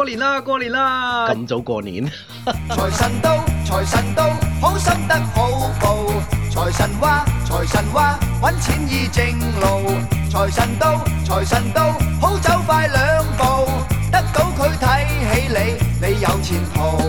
過年啦，過年啦！咁早過年？財 神到，財神到，好心得好報。財神話，財神話，揾錢易正路。財神到，財神到，好走快兩步。得到佢睇起你，你有前途。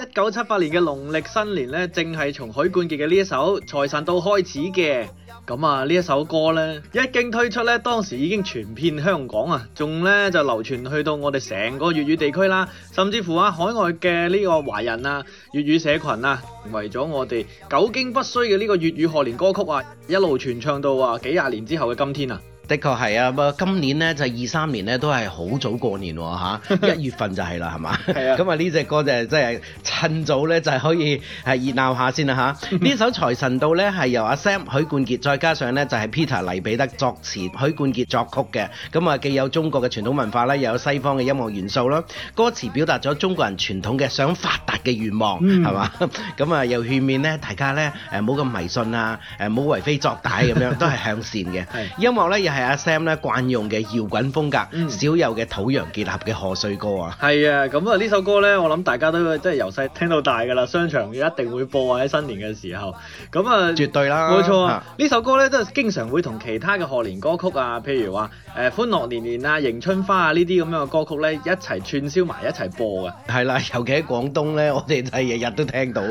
一九七八年嘅農曆新年呢，正係從許冠傑嘅呢一首《財神到》開始嘅。咁啊，呢首歌呢，一經推出咧，當時已經傳遍香港啊，仲咧就流傳去到我哋成個粵語地區啦、啊，甚至乎啊，海外嘅呢個華人啊，粵語社群啊，為咗我哋久經不衰嘅呢個粵語賀年歌曲啊，一路傳唱到啊，幾廿年之後嘅今天啊。的確係啊，咁啊今年呢，就是、二三年呢，都係好早過年喎、啊、一月份就係啦，係嘛？咁啊呢隻歌就真係趁早呢，就可以係熱鬧下先啦嚇。呢、 嗯、首《財神到》呢，係由阿 Sam 許冠傑再加上呢，就係、是、Peter 黎彼得作詞，許冠傑作曲嘅。咁啊既有中國嘅傳統文化啦，又有西方嘅音樂元素啦。歌詞表達咗中國人傳統嘅想發達嘅願望係嘛？咁啊又勸勉呢，大家呢，誒冇咁迷信啊，誒冇為非作歹咁樣，都係向善嘅。音樂呢。又係。係阿 Sam 咧慣用嘅搖滾風格，少有嘅土洋結合嘅賀歲歌啊！係啊，咁啊呢首歌咧，我諗大家都即係由細聽到大噶啦，商場一定會播啊！喺新年嘅時候，咁、嗯、啊，絕對啦，冇錯啊！呢、啊、首歌咧都係經常會同其他嘅賀年歌曲啊，譬如話誒歡樂年年啊、迎春花啊呢啲咁樣嘅歌曲咧一齊串燒埋一齊播啊。係啦，啊，尤其喺廣東咧，我哋就係日日都聽到。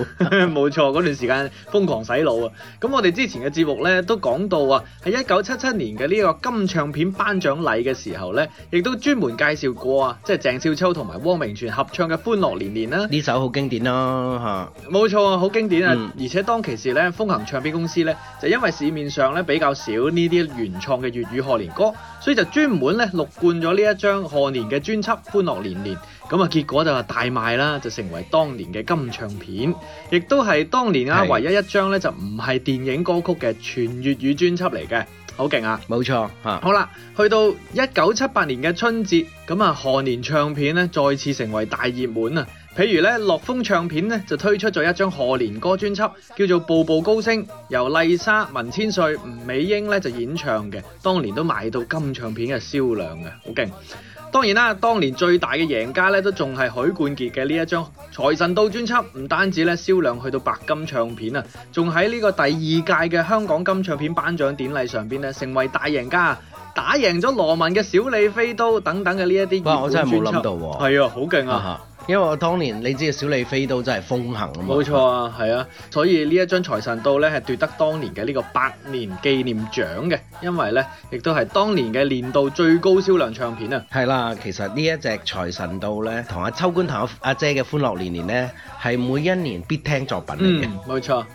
冇 錯，嗰段時間瘋狂洗腦啊！咁我哋之前嘅節目咧都講到啊，喺一九七七年嘅呢、呢個。金唱片頒獎禮嘅時候呢，亦都專門介紹過啊，即係鄭少秋同埋汪明荃合唱嘅《歡樂年年》啦。呢首好經典咯，嚇，冇錯啊，好經典啊。嗯，而且當其時呢，風行唱片公司呢，就因為市面上呢比較少呢啲原創嘅粵語賀年歌，所以就專門呢錄冠咗呢一張賀年嘅專輯《歡樂年年》。咁啊，結果就大賣啦，就成為當年嘅金唱片，亦都係當年啊唯一一張呢，就唔係電影歌曲嘅全粵語專輯嚟嘅。好勁啊！冇錯，啊、好啦，去到一九七八年嘅春節，咁啊，賀年唱片咧再次成為大熱門啊！譬如咧，樂風唱片咧就推出咗一張賀年歌專輯，叫做《步步高升》，由麗莎、文千歲、吳美英咧就演唱嘅，當年都賣到金唱片嘅銷量嘅，好勁。當然啦，當年最大嘅贏家咧，都仲係許冠傑嘅呢一張《財神到》專輯，唔單止咧銷量去到白金唱片啊，仲喺呢個第二屆嘅香港金唱片頒獎典禮上邊咧，成為大贏家，打贏咗羅文嘅《小李飛刀》等等嘅呢一啲熱門專輯，哇，我真係冇諗到，係啊，好勁啊！ 因為我當年，你知啊，小李飛刀真係風行啊嘛，冇錯啊，係啊，所以呢一張《財神到》咧係奪得當年嘅呢個百年紀念獎嘅，因為咧亦都係當年嘅年度最高銷量唱片啊。係啦、嗯，其實呢一隻《財神到》咧，同阿秋官同阿阿姐嘅《歡樂年年》咧，係每一年必聽作品嚟嘅。冇錯。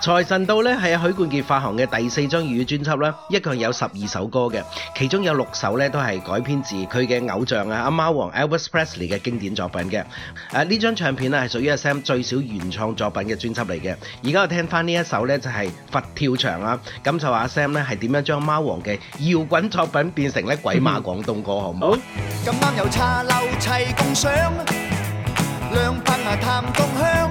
財神到咧係阿許冠傑發行嘅第四張粵語專輯啦，一共有十二首歌嘅，其中有六首咧都係改編自佢嘅偶像啊阿貓王 Elvis Presley 嘅經典作品嘅。誒，呢張唱片咧係屬於阿 Sam 最少原創作品嘅專輯嚟嘅。而家我聽翻呢一首咧就係、是、佛跳牆啊，就話阿 Sam 咧係點樣將貓王嘅搖滾作品變成咧鬼馬廣東歌、嗯、好唔嗎好？咁啱有茶樓齊共賞兩份探共香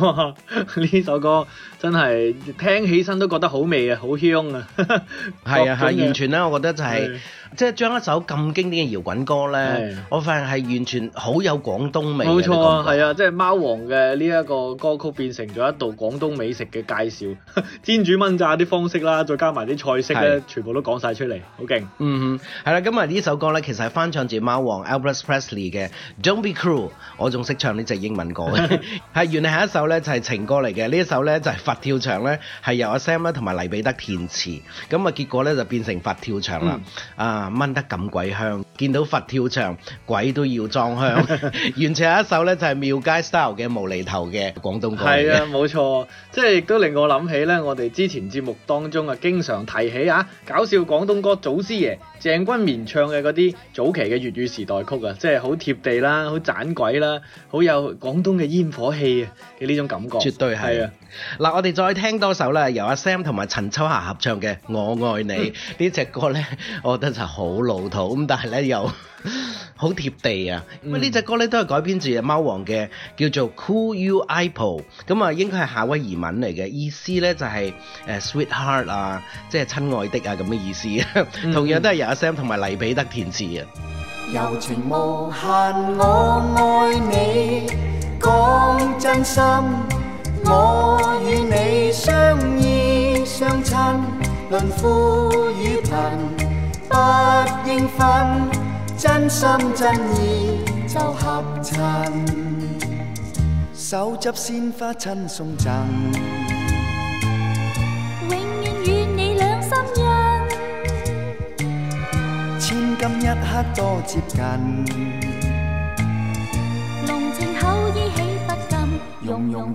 哇，呢首歌。真係聽起身都覺得好味啊，好香啊！係 的啊，係完全咧，我覺得就係、是、是即係將一首咁經典嘅搖滾歌咧，是我發現係完全好有廣東味。冇錯啊，係啊，即係貓王嘅呢一個歌曲變成咗一道廣東美食嘅介紹， 煎煮炆炸啲方式啦，再加埋啲菜式咧，是全部都講晒出嚟，好勁！嗯哼，係啦、啊，今日呢首歌咧，其實係翻唱自貓王 Elvis Presley 嘅 Don't Be Cruel，我仲識唱呢隻英文歌嘅，係原嚟係一首咧就係情歌嚟嘅，呢一首咧就係、是。佛跳牆咧係由阿 Sam 咧同埋黎彼得填詞，咁啊結果咧就變成佛跳牆啦，嗯、啊掹得咁鬼香，見到佛跳牆鬼都要裝香。完全 有一首咧就係廟街 style 嘅無厘頭嘅廣東歌。係啊，冇錯，即係亦都令我諗起咧，我哋之前節目當中啊，經常提起啊搞笑廣東歌祖師爺鄭君綿唱嘅嗰啲早期嘅粵語時代曲啊，即係好貼地啦，好盞鬼啦，好有廣東嘅煙火氣嘅呢種感覺。絕對係啊，我哋再聽多首啦，由阿 Sam 同埋陳秋霞合唱嘅《我愛你》呢隻、嗯、歌呢，我覺得就好老土，咁但係呢又好 貼地啊，嗯、因為呢隻歌呢，都係改編自《貓王》嘅，叫做 Cool You Apple，咁啊應該係夏威夷文嚟嘅，意思呢，就係、是、誒 Sweetheart 啊，即係親愛的啊咁嘅意思，嗯、同樣都係由阿 Sam 同埋黎彼得填詞啊。柔情無限，我愛你，講真心。」我與你相依相親，論富與貧不應分，真心真意就合襯。手執鮮花親送贈，永遠與你兩心印，千金一刻多接近。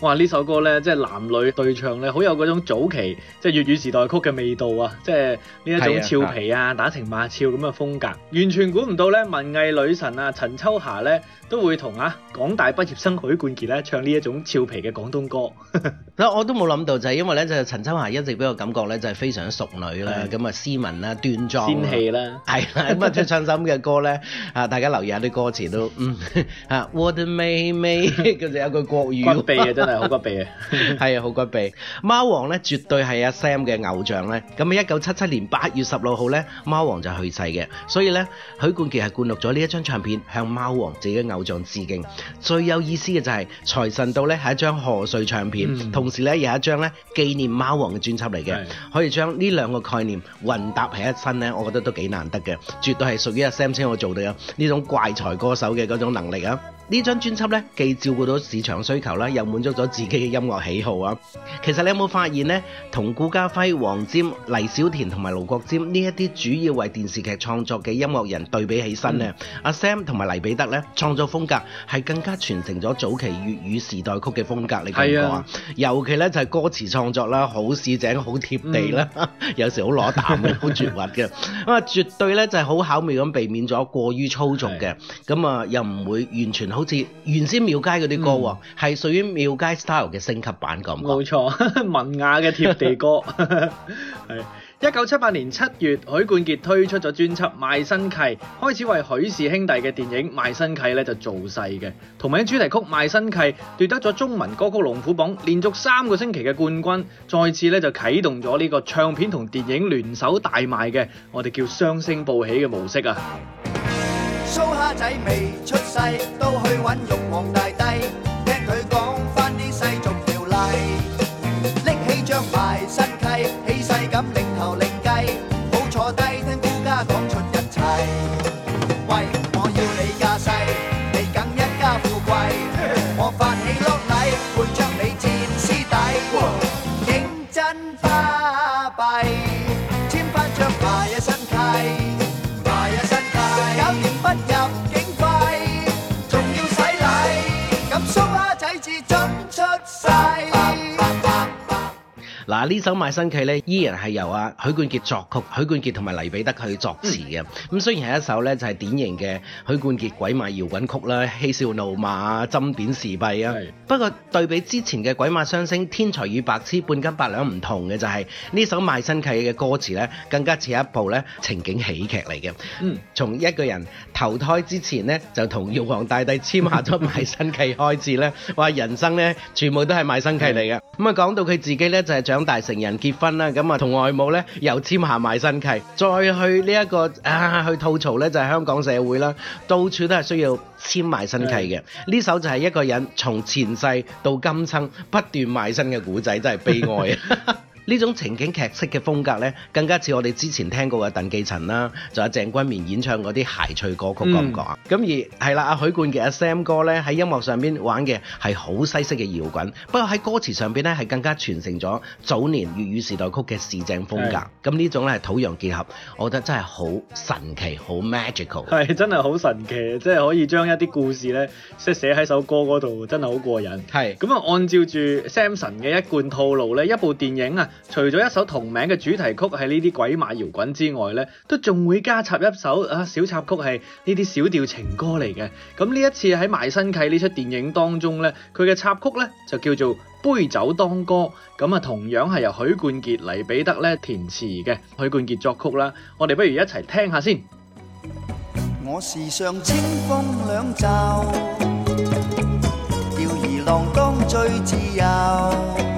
哇！呢首歌咧，即係男女對唱咧，好有嗰種早期即係粵語時代曲嘅味道啊！即係呢一種俏皮啊、打情罵俏咁嘅風格，完全估唔到咧，文藝女神啊，陳秋霞咧都會同啊港大畢業生許冠傑咧唱呢一種俏皮嘅廣東歌。嗱，我都冇諗到，就係因為咧，就係陳秋霞一直俾我感覺咧，就係非常淑女啦，咁啊斯文啦、端莊仙氣啦，係啦，咁啊唱啲咁嘅歌咧，啊大家留意下啲歌詞都嗯啊 What a 美美，佢就有一句國語。係好骨痹啊，係啊 好骨痹。貓王咧絕對係阿 Sam 嘅偶像咧。咁啊，一九七七年八月十六號咧，貓王就去世嘅。所以咧，許冠傑係灌錄咗呢一張唱片向貓王自己嘅偶像致敬。最有意思嘅就係財神到咧係一張賀歲唱片，嗯、同時咧有一張咧紀念貓王嘅專輯嚟嘅。是的 可以將呢兩個概念混搭喺一身咧，我覺得都幾難得嘅，絕對係屬於阿 Sam 先我做到嘅呢種怪才歌手嘅嗰種能力啊！張專輯呢張專輯咧，既照顧到市場需求啦，又滿足咗自己嘅音樂喜好啊！其實你有冇發現呢同顧嘉輝、黃霑、黎小田同埋盧國沾呢一啲主要為電視劇創作嘅音樂人對比起身咧，阿、mm. 啊、Sam 同埋黎彼得咧， 創作風格係更加傳承咗早期粵語時代曲嘅風格。你覺唔覺是啊？尤其咧就係歌詞創作啦，好市井，好貼地啦，mm. 有時好攞膽、嘅，好樸實嘅。咁啊，絕對咧就係、是、好巧妙咁避免咗過於粗俗嘅。咁啊，又唔會完全。好似原先廟街嗰啲歌，係屬於廟街 style 嘅升級版咁。冇錯沒錯， 文雅嘅貼地歌。係一九七八年七月，許冠傑推出咗專輯《賣身契》，開始為許氏兄弟嘅電影《賣身契》咧就造勢嘅。同名主題曲《賣身契》奪得咗中文歌曲龍虎榜連續三個星期嘅冠軍，再次咧就啟動咗呢個唱片同電影聯手大賣嘅，我哋叫雙星報喜嘅模式啊！家仔未出世，都去揾玉皇大帝。 嗱呢首賣身契咧，依然係由阿許冠傑作曲，許冠傑同埋黎彼得去作詞嘅。咁、嗯、雖然係一首咧就係典型嘅許冠傑鬼馬搖滾曲啦，嬉笑怒罵針砭時弊啊。是不過對比之前嘅《鬼馬雙星》《天才與白痴》《半斤八兩》唔同嘅就係呢首賣身契嘅歌詞咧，更加似一部咧情景喜劇嚟嘅。嗯，從一個人投胎之前咧，就同玉皇大帝簽下咗賣身契開始咧，話 人生咧全部都係賣身契嚟嘅。咁啊講到佢自己咧就係長。長大成人結婚啦，咁啊同外母咧又簽下賣身契，再去呢、這、一個啊去吐槽呢，就係、是、香港社會啦，到處都係需要簽賣身契嘅，呢首就係一個人從前世到今生不斷賣身嘅古仔，真係悲哀啊！ 呢種情景劇式嘅風格呢，更加似我哋之前聽過嘅鄧寄塵啦，仲有鄭君綿演唱嗰啲諧趣歌曲嘅感、嗯、覺，覺啊。咁、嗯、而係啦，阿許冠傑嘅阿、啊、Sam 哥呢，喺音樂上邊玩嘅係好西式嘅搖滾，不過喺歌詞上邊呢，係更加傳承咗早年粵語時代曲嘅市井風格。咁呢是、嗯、種呢，係土洋結合，我覺得真係好神奇，好 magical。係真係好神奇，即係可以將一啲故事呢，即係寫喺首歌嗰度，真係好過癮。係咁啊，按照住 Samson 嘅一貫套路呢，一部電影啊～除咗一首同名嘅主題曲喺呢啲鬼馬搖滾之外呢，都仲會加插一首啊，小插曲係呢啲小調情歌嚟嘅。咁呢一次喺《賣身契》呢出電影當中呢，佢嘅插曲呢就叫做《杯酒當歌》。咁啊，同樣係由許冠傑、黎彼得咧填詞嘅，許冠傑作曲啦。我哋不如一齊聽一下先。我時常清風兩袖，吊兒郎當最自由。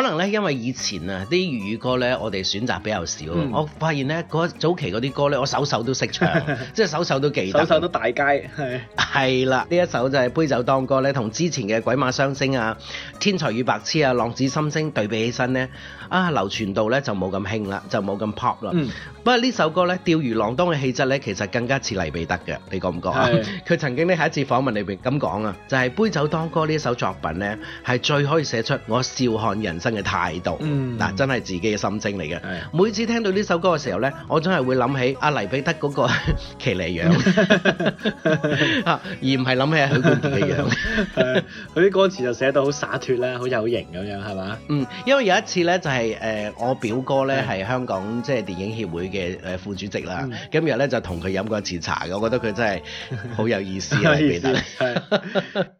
可能咧，因為以前啊，啲粵語歌咧，我哋選擇比較少。嗯、我發現咧，嗰、那個、早期啲歌咧，我首首都識唱， 即係首首都記得，首首都大街，係係啦，呢一首就係、是、《杯酒當歌》咧，同之前嘅《鬼馬雙星》啊，《天才與白痴》啊，《浪子心聲》對比起身咧，啊流傳度咧就冇咁興啦，就冇咁 pop 啦。嗯。不過呢首歌咧，吊兒郎當嘅氣質咧，其實更加似黎彼得嘅，你覺唔覺啊？佢的 曾經咧喺一次訪問裏邊咁講啊，就係、是、《杯酒當歌》呢一首作品咧，係最可以寫出我笑看人生。真嘅態度，嗱，真係自己嘅心聲嚟嘅。每次聽到呢首歌嘅時候呢，我總係會諗起阿、啊、黎彼得嗰個騎呢樣， 而唔係諗起許冠傑嘅樣。佢啲 歌詞就寫得好灑脱啦，好有型咁樣，係嘛？嗯，因為有一次呢，就係、是、誒、呃、我表哥呢，係是香港即係電影協會嘅誒副主席啦，嗯、今日呢，就同佢飲過一次茶嘅，我覺得佢真係好有意思啊，黎彼得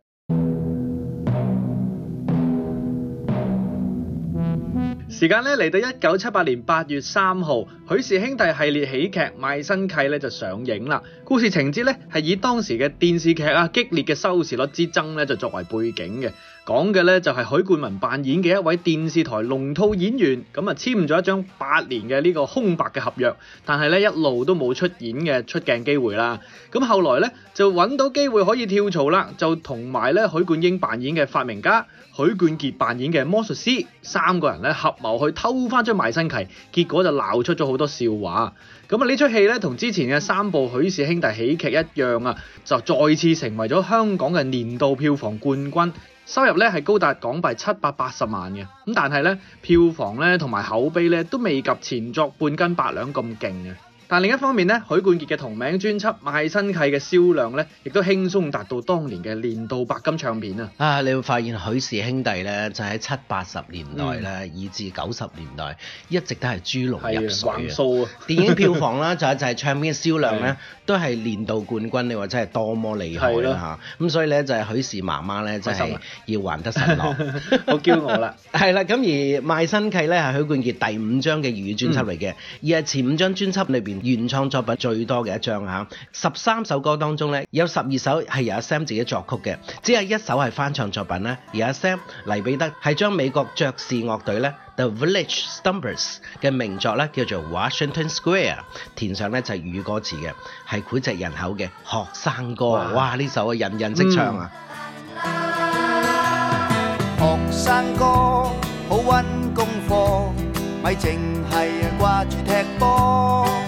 時間咧嚟到一九七八年八月三號，許氏兄弟系列喜劇《賣身契》咧就上映啦。故事情節咧係以當時嘅電視劇啊激烈嘅收視率之爭咧就作為背景嘅。講嘅咧就係許冠文扮演嘅一位電視台龍套演員，咁啊簽咗一張八年嘅呢個空白嘅合約，但係咧一路都冇出演嘅出鏡機會啦。咁後來咧就揾到機會可以跳槽啦，就同埋咧許冠英扮演嘅發明家、許冠傑扮演嘅魔術師三個人咧合謀去偷翻張賣身契，結果就鬧出咗好多笑話。咁啊呢出戲咧同之前嘅三部許氏兄弟喜劇一樣啊，就再次成為咗香港嘅年度票房冠軍。收入呢係高達港幣七百八十萬嘅，但係咧票房呢同埋口碑呢都未及前作半斤八兩咁勁嘅。但另一方面咧，許冠傑嘅同名專輯《賣身契》嘅銷量咧，亦都輕鬆達到當年嘅年度白金唱片啊！啊，你會發現許氏兄弟咧，就喺七八十年代咧，以、嗯、至九十年代一直都係豬龍入水啊！啊 電影票房啦，仲有就係、是、唱片嘅銷量咧，的都係年度冠軍。你話真係多麼厲害嚇！咁的所以咧，就係、是、許氏媽媽咧，真係、啊、要還得神落， 好驕傲啦！係啦， 咁而《賣身契》呢咧係許冠傑第五張嘅粵語專輯嚟嘅，嗯、而前五張專輯裏邊。原創作品最多嘅一張嚇，十三首歌當中咧有十二首係由 Sam 自己作曲嘅，只係一首係翻唱作品啦。而 Sam 黎彼得係將美國爵士樂隊咧 The Village Stompers 嘅名作咧叫做 Washington Square 填上咧就係粵語歌詞嘅，係膾炙人口嘅學生哥。哇！呢首啊人人識唱啊！學生哥好溫功課，咪淨係掛住踢波。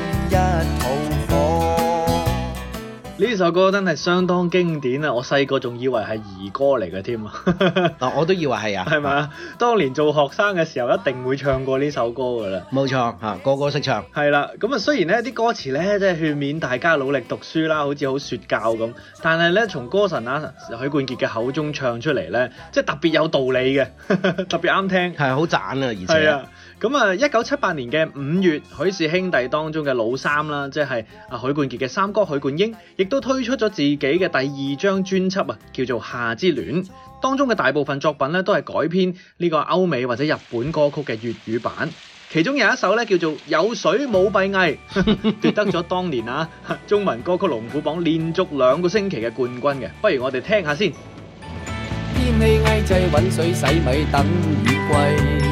呢首歌真係相當經典啊！我細個仲以為係兒歌嚟嘅添啊！我都以為係啊，係咪 吧？嗯、當年做學生嘅時候一定會唱過呢首歌噶啦，冇錯嚇，個個識唱。係啦、啊，咁啊雖然呢啲歌詞咧即係勸勉大家努力讀書啦，好似好說教咁，但係咧從歌神啊許冠傑嘅口中唱出嚟咧，即係特別有道理嘅， 特別啱聽，係好賺啊！而且、啊。咁啊，一九七八年嘅五月，許氏兄弟當中嘅老三啦，即係阿許冠傑嘅三哥許冠英，亦都推出咗自己嘅第二張專輯啊，叫做《夏之戀》。當中嘅大部分作品咧，都係改編呢個歐美或者日本歌曲嘅粵語版。其中有一首咧叫做《有水冇閉翳》， 奪得咗當年啊中文歌曲龍虎榜連續兩個星期嘅冠軍嘅。不如我哋聽下先。「天氣危制，揾水洗米等雨季」。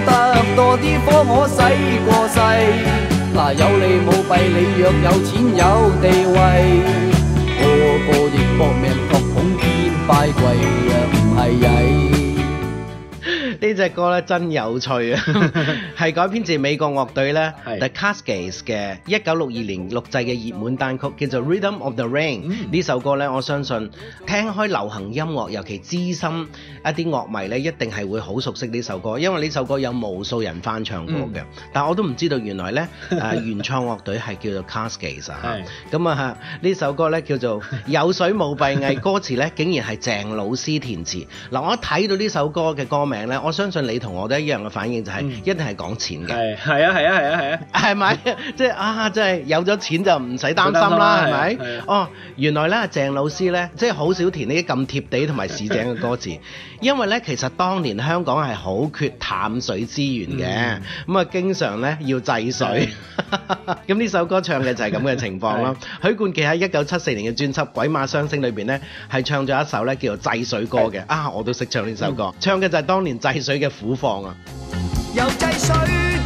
個啲幫我洗過世，嗱、啊、有利冇弊你，你若有錢有地位，個個亦搏命搏捧變拜跪。隻歌咧真有趣啊，係改編自美國樂隊咧 The Cascades 嘅一九六二年錄製嘅熱門單曲，叫做《Rhythm of the Rain》。呢、嗯、首歌咧，我相信聽開流行音樂，尤其資深一啲樂迷咧，一定係會好熟悉呢首歌，因為呢首歌有無數人翻唱過嘅。嗯、但我都唔知道原來咧，誒、呃，原創樂隊係叫做 Cascades 啊。咁啊，呢首歌咧叫做有水冇閉翳，歌詞咧竟然係鄭老師填詞。嗱、啊，我一睇到呢首歌嘅歌名咧，我想。相信你同我都一樣嘅反應就係、是嗯、一定係講錢嘅。係啊係啊係啊係啊，係咪？即係啊，即係、啊啊 啊、有咗錢就唔使擔心啦，係咪 吧？啊啊、哦，原來咧，鄭老師咧，即係好少填呢啲咁貼地同埋市井嘅歌詞， 因為咧，其實當年香港係好缺淡水資源嘅，咁啊、嗯嗯，經常咧要制水。咁 呢首歌唱嘅就係咁嘅情況啦，許、 啊、冠傑喺一九七四年嘅專輯《鬼馬雙星》裏邊咧，係唱咗一首咧叫做《制水歌》嘅是。啊，我都識唱呢首歌，嗯、唱嘅就係當年制水嘅苦況啊！又制水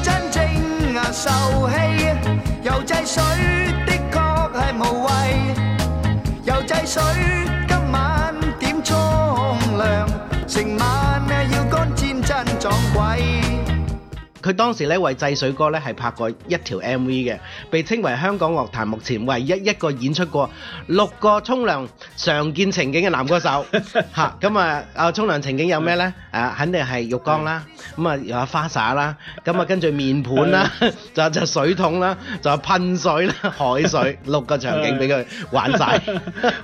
真正啊受氣啊，又制水的確係無謂啊，又制水今晚點沖涼，成晚啊要乾淨真撞鬼啊。佢當時咧為《制水歌》咧係拍過一條 MV 嘅，被稱為香港樂壇目前唯一一個演出過六個沖涼常見情景嘅男歌手。嚇咁啊啊！沖涼情景有咩呢？誒，肯定係浴缸啦，咁啊有花灑啦，咁啊跟住面盆啦，就就水桶啦，就噴水啦，海水六個場景俾佢玩晒。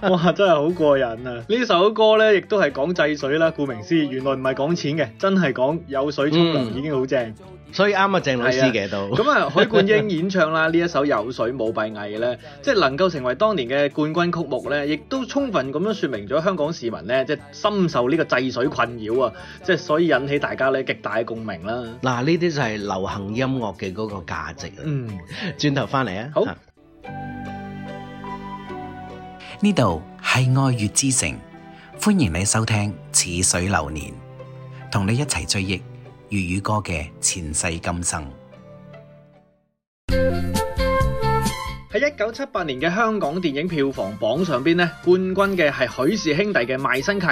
哇！真係好過癮啊！呢首歌呢，亦都係講制水啦，顧名思義，原來唔係講錢嘅，真係講有水沖涼已經好正。所以啱啊，鄭老師嘅都咁啊，許、嗯嗯、冠英演唱啦呢 一首有水冇閉翳咧，即係能夠成為當年嘅冠軍曲目咧，亦都充分咁樣説明咗香港市民咧，即係深受呢個制水困擾啊，即係所以引起大家咧極大嘅共鳴啦。嗱、啊，呢啲就係流行音樂嘅嗰個價值啊。嗯，轉頭翻嚟啊，好，呢度係愛粵之城，歡迎你收聽《似水流年》，同你一齊追憶。粵語歌嘅前世今生，喺一九七八年嘅香港電影票房榜上邊呢，冠軍嘅係許氏兄弟嘅《賣身契》，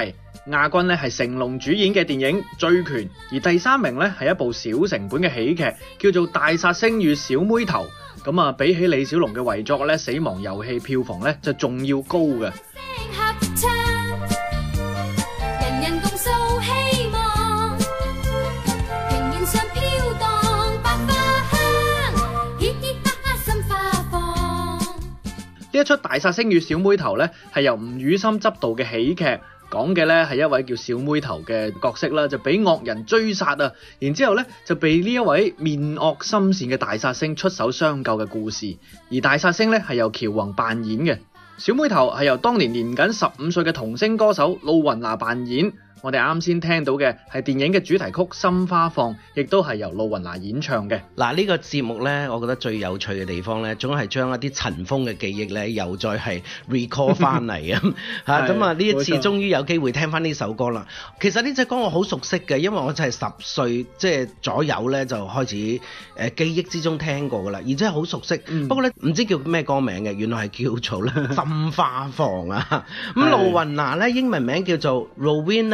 亞軍呢係成龍主演嘅電影《醉拳》，而第三名呢係一部小成本嘅喜劇，叫做《大煞星與小妹頭》。咁啊，比起李小龍嘅遺作呢，《死亡遊戲》票房呢就仲要高嘅。一出《大煞星與小妹頭》咧，係由吳宇森執導嘅喜劇，講嘅咧係一位叫小妹頭嘅角色啦，就俾惡人追殺啊，然之後咧就被呢一位面惡心善嘅大煞星出手相救嘅故事。而大煞星咧係由喬宏扮演嘅，小妹頭係由當年年僅十五歲嘅童星歌手露雲娜扮演。我哋啱先聽到嘅係電影嘅主題曲《心花放》，亦都係由露雲娜演唱嘅。嗱，呢個節目呢，我覺得最有趣嘅地方呢，總係將一啲塵封嘅記憶呢，又再係 recall 翻嚟 啊！嚇，咁啊，呢一次終於有機會聽翻呢首歌啦。其實呢隻歌我好熟悉嘅，因為我就係十歲即係左右呢，就開始誒、呃、記憶之中聽過噶啦，而且好熟悉。嗯、不過呢，唔知叫咩歌名嘅，原來係叫做《啦 心花放》啊。咁露雲娜呢，英文名叫做 r o w e n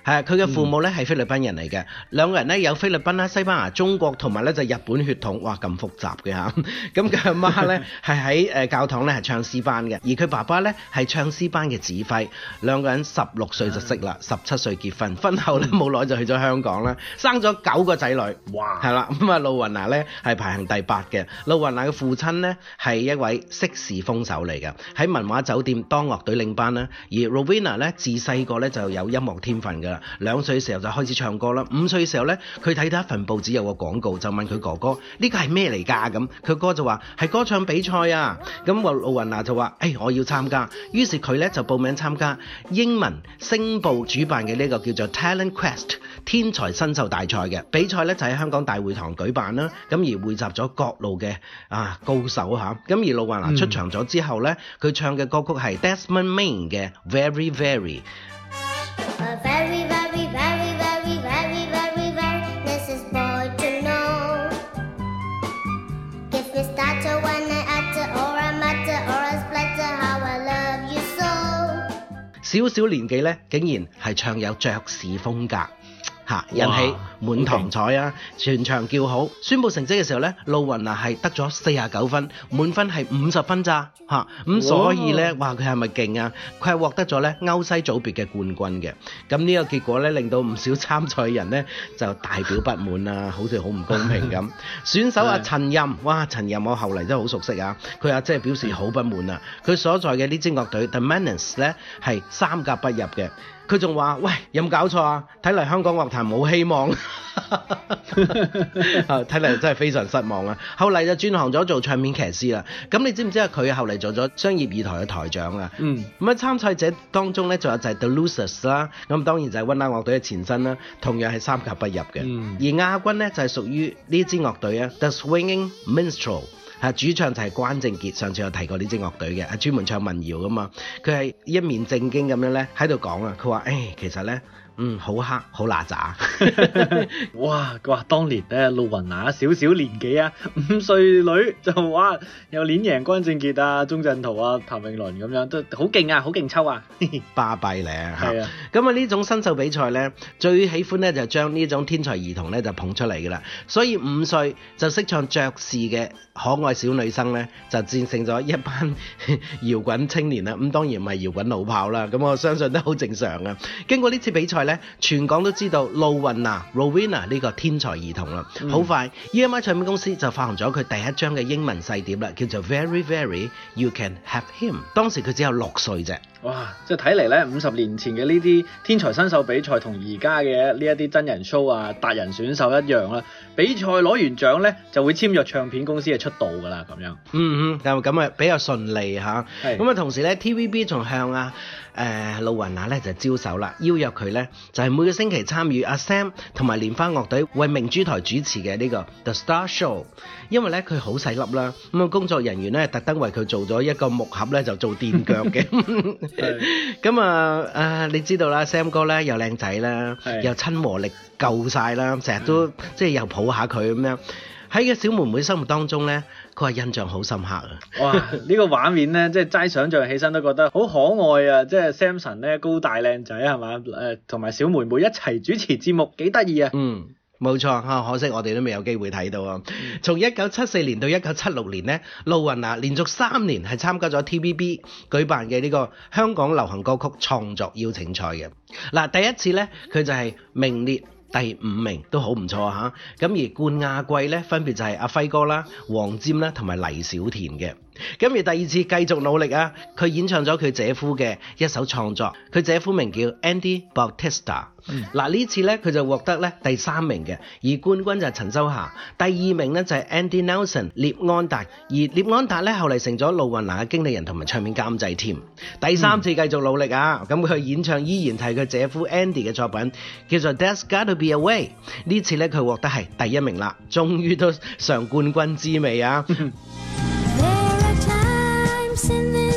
係佢嘅父母咧係菲律賓人嚟嘅，兩、嗯、個人咧有菲律賓啦、西班牙、中國同埋咧就日本血統，哇咁複雜嘅嚇！咁佢阿媽咧係喺誒教堂咧係唱詩班嘅，而佢爸爸咧係唱詩班嘅指揮，兩個人十六歲就識啦，十七歲結婚，婚後咧冇耐就去咗香港啦，生咗九個仔女，哇！係啦，咁啊露雲娜咧係排行第八嘅，露雲娜嘅父親咧係一位色士風手嚟嘅，喺文華酒店當樂隊領班啦，而 Rowena 咧自細個咧就有音樂天分嘅。兩歲時候就開始唱歌啦，五歲時候呢，佢睇到一份報紙有個廣告，就問佢哥哥：呢、這個係咩嚟噶？咁佢哥就話：係歌唱比賽啊！咁個露雲娜就話：誒、哎，我要參加。於是佢呢就報名參加英文星報主辦嘅呢個叫做 Talent Quest 天才新秀大賽嘅比賽呢就喺香港大會堂舉辦啦。咁而匯集咗各路嘅啊高手吓，咁、啊、而露雲娜出場咗之後呢，佢、嗯、唱嘅歌曲係 Desmond Main 嘅 Very Very, Very。小小年紀咧，竟然係唱有爵士風格。引起滿堂彩啊！Wow, okay. 全場叫好。宣布成績嘅時候，呢路雲娜係得咗四十九分，滿分係五十分咋嚇。咁 Wow. 所以呢，話佢係咪勁啊？佢係獲得咗呢歐西組別嘅冠軍嘅。咁呢個結果呢，令到唔少參賽人呢就大表不滿啊， 好似好唔公平咁。 選手啊，陳任，哇，陳任我後嚟真係好熟悉啊！佢啊即係表示好不滿啊。佢所在嘅呢支樂隊 The Menace 呢係三甲不入嘅。佢仲話：喂，有冇搞錯啊？睇嚟香港樂壇冇希望。睇嚟 真係非常失望啊！後嚟就轉行咗做唱片騎師啦。咁你知唔知啊？佢後嚟做咗商業二台嘅台長啊。嗯。咁啊，參賽者當中咧仲有就係 The Losers 啦。咁當然就係温拿樂隊嘅前身啦。同樣係三甲不入嘅。嗯、而亞軍咧就係、是、屬於呢支樂隊啊，The Swinging Minstrel。啊，主唱就係關正傑，上次有提過呢支樂隊嘅。啊，專門唱民謠噶嘛，佢係一面正經咁樣咧喺度講啊，佢話，唉、欸，其實呢。」嗯，好黑，好乸渣！ 哇，佢話當年咧，露雲娜少少年紀啊，五歲女就哇，又碾贏關正傑啊、鍾鎮濤啊、譚詠麟咁樣，都好勁啊，好勁抽啊，巴閉咧！係 啊，咁啊呢種新秀比賽咧，最喜歡咧就將呢種天才兒童咧就捧出嚟噶啦，所以五歲就識唱爵士嘅可愛小女生咧，就戰勝咗一班搖滾青年啦。咁當然唔係搖滾老炮啦，咁我相信都好正常啊，經過呢次比賽咧。全港都知道露雲娜 （Rowena） 呢個天才兒童啦，好、嗯、快，EMI 唱片公司就發行咗佢第一張嘅英文細碟啦，叫做《Very Very You Can Have Him》。當時佢只有六歲啫。哇！即係睇嚟，咧，五十年前嘅呢啲天才新秀比賽，同而家嘅呢一啲真人 show 啊、達人選手一樣啦。比賽攞完獎呢，就會簽約唱片公司嘅出道噶啦，咁樣。嗯哼，咁、嗯、啊、嗯嗯、比較順利吓。係咁啊，是同時呢 TVB 仲向啊誒露雲娜咧就招手啦，邀約佢呢，就係、是、每個星期參與阿 Sam 同埋蓮花樂隊為明珠台主持嘅呢、呢個 The Star Show。因為呢，佢好細粒啦，咁啊工作人員呢，特登為佢做咗一個木盒呢，就做墊腳嘅。 咁 啊，啊，你知道啦，Sam 哥咧又靚仔啦，又親和 力夠晒啦，成日都 即係又抱下佢咁樣，喺個小妹妹心目當中咧，佢係印象好深刻啊！ 哇，這個、畫呢個畫面咧，即係齋想象起身都覺得好可愛啊！即係 Samson 咧高大靚仔係嘛，誒，同、呃、埋小妹妹一齊主持節目，幾得意啊！嗯。冇錯嚇，可惜我哋都未有機會睇到啊！從一九七四年到一九七六年咧，露雲娜連續三年係參加咗 T.V.B. 舉辦嘅呢個香港流行歌曲創作邀請賽嘅嗱，第一次咧佢就係名列第五名，都好唔錯嚇。咁而冠亞季咧分別就係阿輝哥啦、黃霑啦同埋黎小田嘅。今而第二次繼續努力啊，佢演唱咗佢姐夫嘅一首創作，佢姐夫名叫 Andy Bautista。嗱呢、嗯、次咧，佢就獲得咧第三名嘅，而冠軍就係陳秋霞，第二名咧就係 Andy Nelson 聶安達，而聶安達咧後嚟成咗露雲娜嘅經理人同埋唱片監製添。第三次繼續努力啊，咁佢、嗯、演唱依然係佢姐夫 Andy 嘅作品，叫做 There's Got to Be a Way。呢次咧佢獲得係第一名啦，終於都嘗冠軍滋味啊！嗯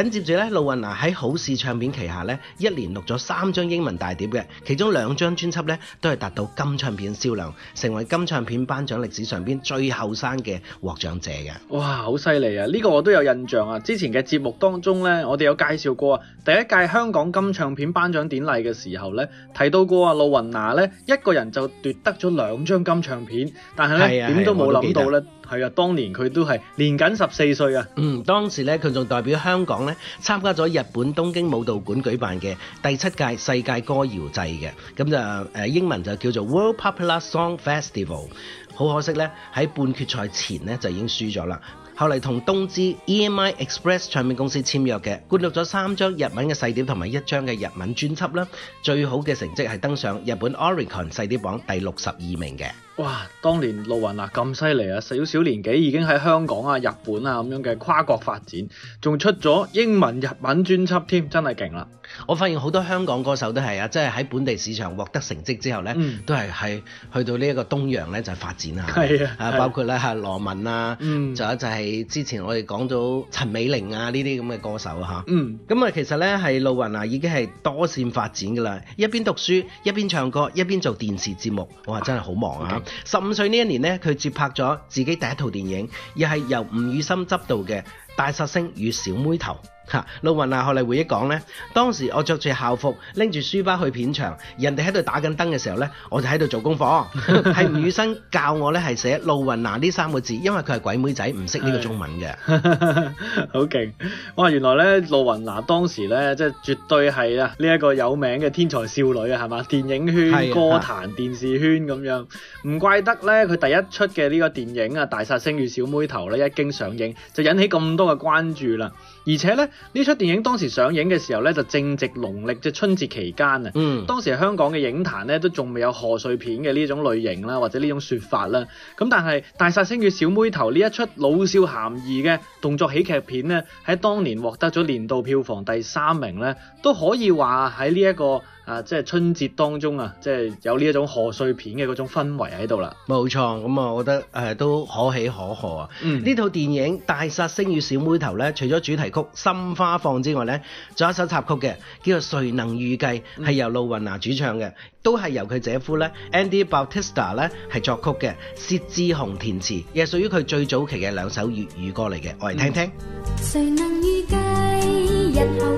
緊接住咧，露雲娜喺好事唱片旗下咧，一連錄咗三張英文大碟嘅，其中兩張專輯咧都係達到金唱片銷量，成為金唱片頒獎歷史上邊最後生嘅獲獎者嘅。哇，好犀利啊！呢個我都有印象啊，之前嘅節目當中咧，我哋有介紹過啊，第一屆香港金唱片頒獎典禮嘅時候咧，提到過啊，露雲娜咧一個人就奪得咗兩張金唱片，但係咧點都冇諗到咧。係啊，當年佢都係年僅十四歲啊！嗯，當時咧，佢仲代表香港咧參加咗日本東京武道館舉辦嘅第七屆世界歌謠祭。嘅，咁就誒英文就叫做 World Popular Song Festival。好可惜咧，喺半決賽前咧就已經輸咗啦。後嚟同東芝 EMI Express 唱片公司簽約嘅，灌錄咗三張日文嘅細碟同埋一張嘅日文專輯啦，最好嘅成績係登上日本 Oricon 細碟榜第六十二名嘅。哇！當年露雲啊咁犀利啊，小小年紀已經喺香港啊、日本啊咁樣嘅跨國發展，仲出咗英文、日文專輯添，真係勁啦！我發現好多香港歌手都係啊，即係喺本地市場獲得成績之後呢，嗯、都係喺去到呢一個東洋呢，就是、發展啦。係啊，包括咧、啊、哈、啊、羅文啊，仲、嗯、有就係之前我哋講到陳美玲啊呢啲咁嘅歌手嚇、啊嗯嗯。嗯。咁啊，其實呢，係露雲娜，已經係多線發展噶啦，一邊讀書，一邊唱歌，一邊做電視節目。哇，真係好忙啊！十五、啊 okay. 歲呢一年呢，佢接拍咗自己第一套電影，而係由吳宇森執導嘅《大煞星與小妹頭》。嚇，露雲娜後嚟回憶講咧，當時我着住校服拎住書包去片場，人哋喺度打緊燈嘅時候咧，我就喺度做功課。係吳宇 森教我咧，係寫露雲娜呢三個字，因為佢係鬼妹仔，唔識呢個中文嘅。 好勁哇！原來咧，露雲娜當時咧，即係絕對係啊呢一個有名嘅天才少女啊，係嘛？電影圈、啊、歌壇、電視圈咁樣，唔怪得咧，佢第一出嘅呢個電影啊《大煞星與小妹頭》咧，一經上映就引起咁多嘅關注啦。而且咧，呢出電影當時上映嘅時候呢，就正值農曆即、就是、春節期間啊。嗯、當時香港嘅影壇呢，都仲未有賀歲片嘅呢種類型啦，或者呢種說法啦。咁但係《大煞星與小妹頭》呢一出老少咸宜嘅動作喜劇片呢，喺當年獲得咗年度票房第三名呢，都可以話喺呢一個。啊，即係春節當中啊，即係有呢一種賀歲片嘅嗰種氛圍喺度啦。冇錯，咁啊，我覺得誒都可喜可賀啊。嗯，呢套電影《大殺星與小妹頭》咧，除咗主題曲《心花放》之外咧，仲有一首插曲嘅，叫做《誰能預計》，係由露雲娜主唱嘅，都係由佢姐夫咧 Andy Bautista 咧係作曲嘅，薛志雄填詞，亦係屬於佢最早期嘅兩首粵語歌嚟嘅，我哋聽聽。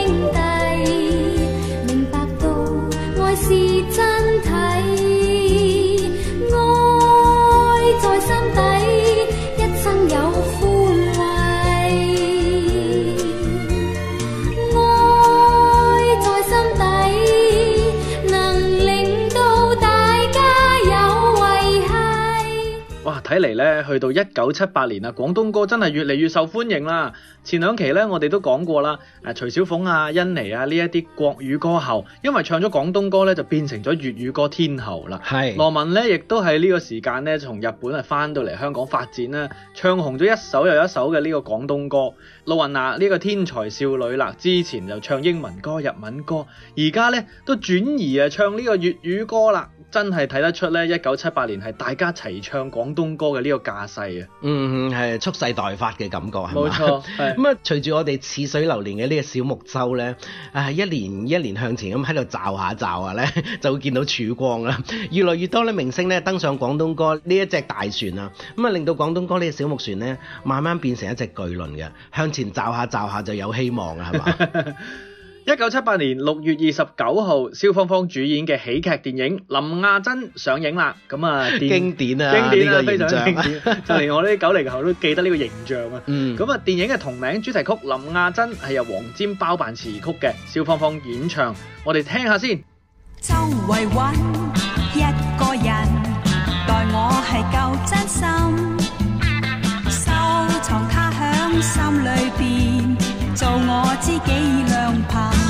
睇嚟咧，去到一九七八年啊，廣東歌真係越嚟越受歡迎啦。前兩期咧，我哋都講過啦，誒，徐小鳳啊、甄妮啊呢一啲國語歌后，因為唱咗廣東歌咧，就變成咗粵語歌天后啦。係是，羅文咧亦都喺呢個時間咧，從日本啊翻到嚟香港發展啦，唱紅咗一首又一首嘅呢個廣東歌。露雲娜呢個天才少女啦，之前就唱英文歌、日文歌，而家咧都轉移啊唱呢個粵語歌啦。真係睇得出咧，一九七八年係大家齊唱廣東歌嘅呢個架勢啊！嗯，係蓄勢待發嘅感覺，係嘛？冇錯，咁啊、嗯，隨住我哋似水流年嘅呢個小木舟咧，啊，一年一年向前咁喺度棹下棹下咧， 就會見到曙光啦！ 越來越多咧明星咧登上廣東歌呢一隻大船啊，咁、嗯、啊令到廣東歌呢小木船咧慢慢變成一隻巨輪嘅，向前棹下棹下就有希望啊，係嘛？ 一九七八年六月二十九號，蕭芳芳主演嘅喜劇電影《林亞珍》上映啦，咁啊經典啊經典啊呢個形象，非常經典，就連我呢啲九零後都記得呢個形象啊！嗯，咁啊，電影嘅同名主題曲《林亞珍》係由黃霑包辦詞曲嘅，蕭芳芳演唱，我哋聽下先。周圍揾一個人，待我係夠真心，收藏他響心裏邊。做我知己良朋。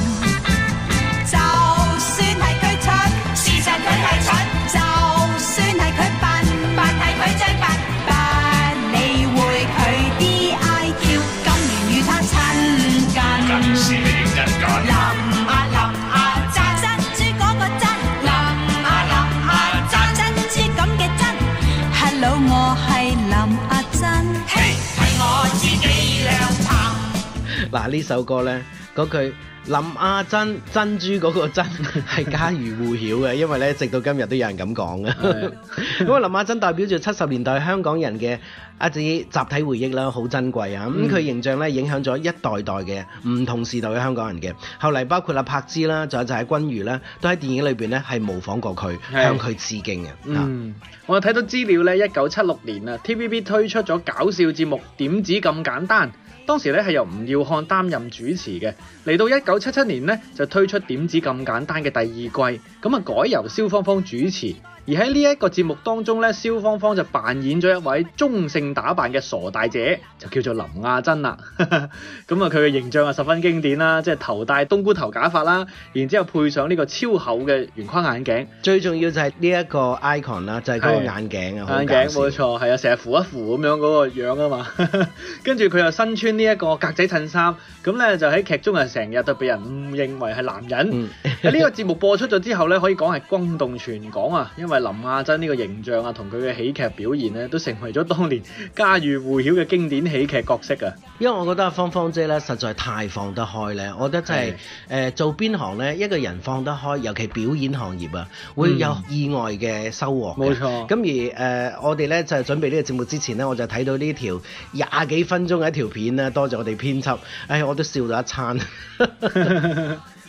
嗱呢首歌呢，嗰句林亞珍珍珠嗰個珍係家喻戶曉嘅， 因為呢，直到今日都有人咁講嘅。咁啊，林亞珍代表住七十年代香港人嘅一啲集體回憶啦，好珍貴啊！咁佢形象呢，影響咗一代代嘅唔同時代嘅香港人嘅。後嚟包括阿柏芝啦，仲有就係君如啦，都喺電影裏邊呢，係模仿過佢，是向佢致敬嘅。嗯啊，我睇到資料呢，一九七六年啊，TVB 推出咗搞笑節目《點止咁簡單》。當時咧係由吳耀漢擔任主持嘅，嚟到一九七七年呢，就推出點只咁簡單嘅第二季，咁啊改由蕭芳芳主持。而喺呢一個節目當中咧，蕭芳芳就扮演咗一位中性打扮嘅傻大姐，就叫做林亞珍啦。咁 啊、嗯，佢嘅形象啊十分經典啦，即係頭戴冬菇頭假髮啦，然之後配上呢個超厚嘅圓框眼鏡，最重要就係呢一個 icon 啦，就係嗰個眼鏡是眼鏡冇錯，係啊，成日扶一扶咁樣嗰、嗰個樣啊嘛。 跟住佢又身穿呢一個格仔襯衫，咁、嗯、咧就喺劇中啊成日都畀人誤認為係男人。呢 個節目播出咗之後咧，可以講係轟動全港啊，因為因為林亞珍呢個形象啊，同佢嘅喜劇表現咧，都成為咗當年家喻戶曉嘅經典喜劇角色啊！因為我覺得芳芳姐咧，實在太放得開咧，我覺得真係誒，做邊行咧，一個人放得開，尤其表演行業啊，會有意外嘅收穫。冇錯、嗯。咁而誒、呃，我哋咧就是、準備呢個節目之前咧，我就睇到呢條廿幾分鐘嘅一條片啦，多謝我哋編輯，哎，我都笑咗一餐。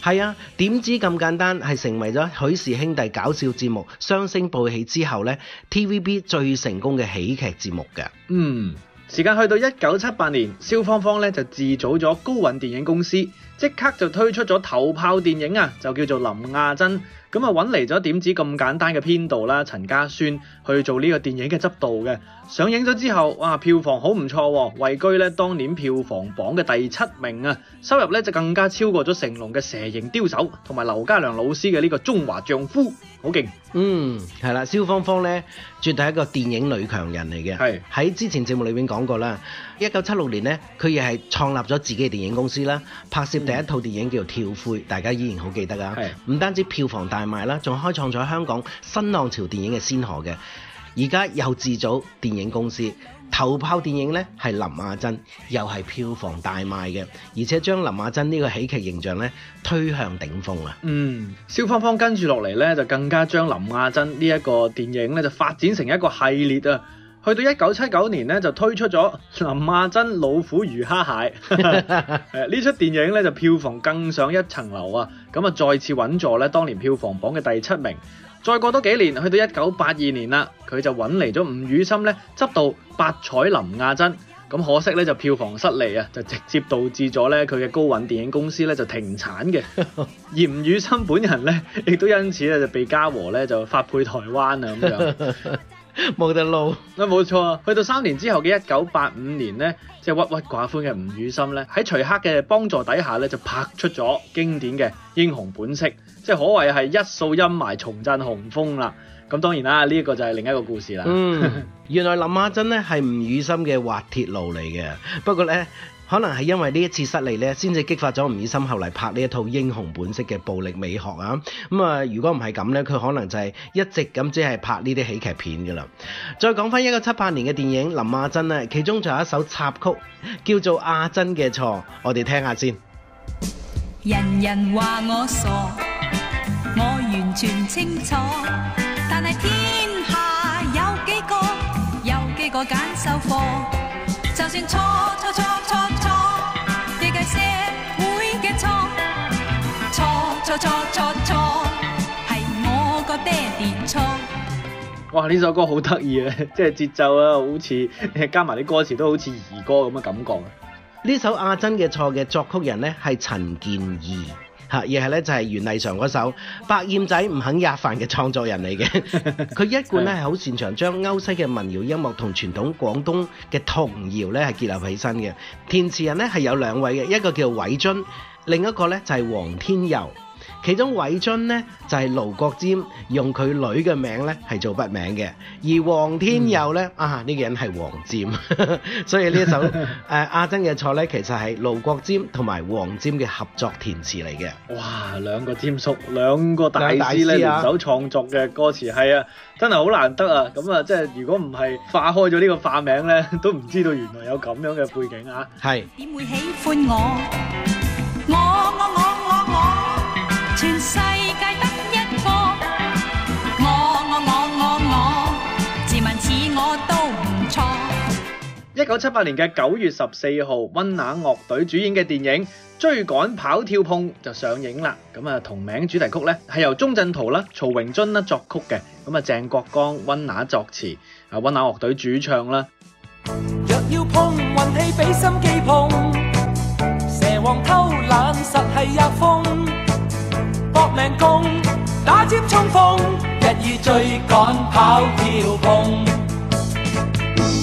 係啊，點知咁簡單係成為咗許氏兄弟搞笑節目《雙星報喜》之後咧，TVB 最成功嘅喜劇節目嘅。嗯，時間去到一九七八年，蕭芳芳咧就自組咗高韻電影公司，即刻就推出咗頭炮電影啊，就叫做《林亞珍》。咁啊揾嚟咗點止咁簡單嘅編導啦，陳家孫去做呢個電影嘅執導嘅。上映咗之後，哇票房好唔錯，哦，位居咧當年票房榜嘅第七名啊！收入咧就更加超過咗成龍嘅《蛇形刁手》同埋劉家良老師嘅呢個《中華丈夫》，好勁！嗯，係啦，蕭芳芳咧絕對係一個電影女強人嚟嘅。係喺的之前節目裏面講過啦，一九七六年呢，佢亦係創立咗自己嘅電影公司啦，拍攝第一套電影叫做《跳灰》，大家依然好記得啊。唔單止票房大的的賣啦，仲開創咗香港新浪潮電影嘅先河嘅。而家又自組電影公司，頭炮電影呢係林亞珍，又係票房大賣嘅，而且將林亞珍呢個喜劇形象呢推向頂峰啊！嗯，蕭芳芳跟住落嚟呢，就更加將林亞珍呢一個電影呢就發展成一個系列啊！去到一九七九年咧，就推出咗《林亞珍老虎魚蝦蟹》，呢出電影咧就票房更上一層樓啊！咁啊再次穩坐咧當年票房榜嘅第七名。再過多幾年，去到一九八二年啦，佢就穩嚟咗吳宇森咧執導八彩林亞珍。咁可惜咧就票房失利啊，就直接導致咗咧佢嘅高允電影公司咧就停產嘅。而吳宇森本人咧亦都因此咧就被嘉禾咧就發配台灣啊咁樣。 冇得路啊！冇錯啊，去到三年之後嘅一九八五年呢，即係鬱鬱寡歡嘅吳宇森呢，喺徐克嘅幫助底下呢，就拍出咗經典嘅《英雄本色》，即係可謂係一掃陰霾，重振雄風啦。咁當然啦，呢、這、一個就係另一個故事啦。 嗯，原來林亞珍呢係吳宇森嘅滑鐵盧嚟嘅，不過呢。可能係因為呢一次失利咧，先至激發咗吳宇森後嚟拍呢一套《英雄本色》嘅暴力美學。啊！咁、嗯、啊，如果唔係咁呢，佢可能就係一直咁只係拍呢啲喜劇片噶啦。再講翻一九七八年嘅電影《林亞珍》咧，其中仲有一首插曲叫做《亞珍嘅錯》，我哋聽下先。人人話我傻，我完全清楚，但係天下有幾個，有幾個揀修課，就算錯錯錯錯。錯錯哇！呢首歌好得意啊，即係節奏啊，好似加埋啲歌詞都好似兒歌咁嘅感覺。呢首《亞珍嘅錯》嘅作曲人呢係陳建義，嚇而係呢就係、是、袁麗嫦嗰首《白燕仔唔肯吔飯》嘅創作人嚟嘅。佢 一貫呢係好 擅長將歐西嘅民謠音樂同傳統廣東嘅童謠呢係結合起身嘅。填詞人呢係有兩位嘅，一個叫韋尊，另一個呢就係、是、黃天佑。其中韋君呢，就係、是、盧國沾用佢女嘅名呢，係做筆名嘅，而黃天佑呢，嗯、啊呢、呢個人係黃霑。 所以呢一首誒亞珍嘅錯呢，其實係盧國沾同埋黃霑嘅合作填詞嚟嘅。哇，兩個沾叔，兩個大師咧聯手創作嘅歌詞，係啊，真係好難得啊！咁啊，即係如果唔係化開咗呢個化名呢，都唔知道原來有咁樣嘅背景啊！係。1978年嘅9月14號，溫拿樂隊主演嘅電影《追趕跑跳碰》就上映喇。咁啊，同名主題曲呢係由鍾鎮濤啦、曹榮津啦作曲嘅，咁啊鄭國江、溫拿作詞，啊溫拿樂隊主唱啦。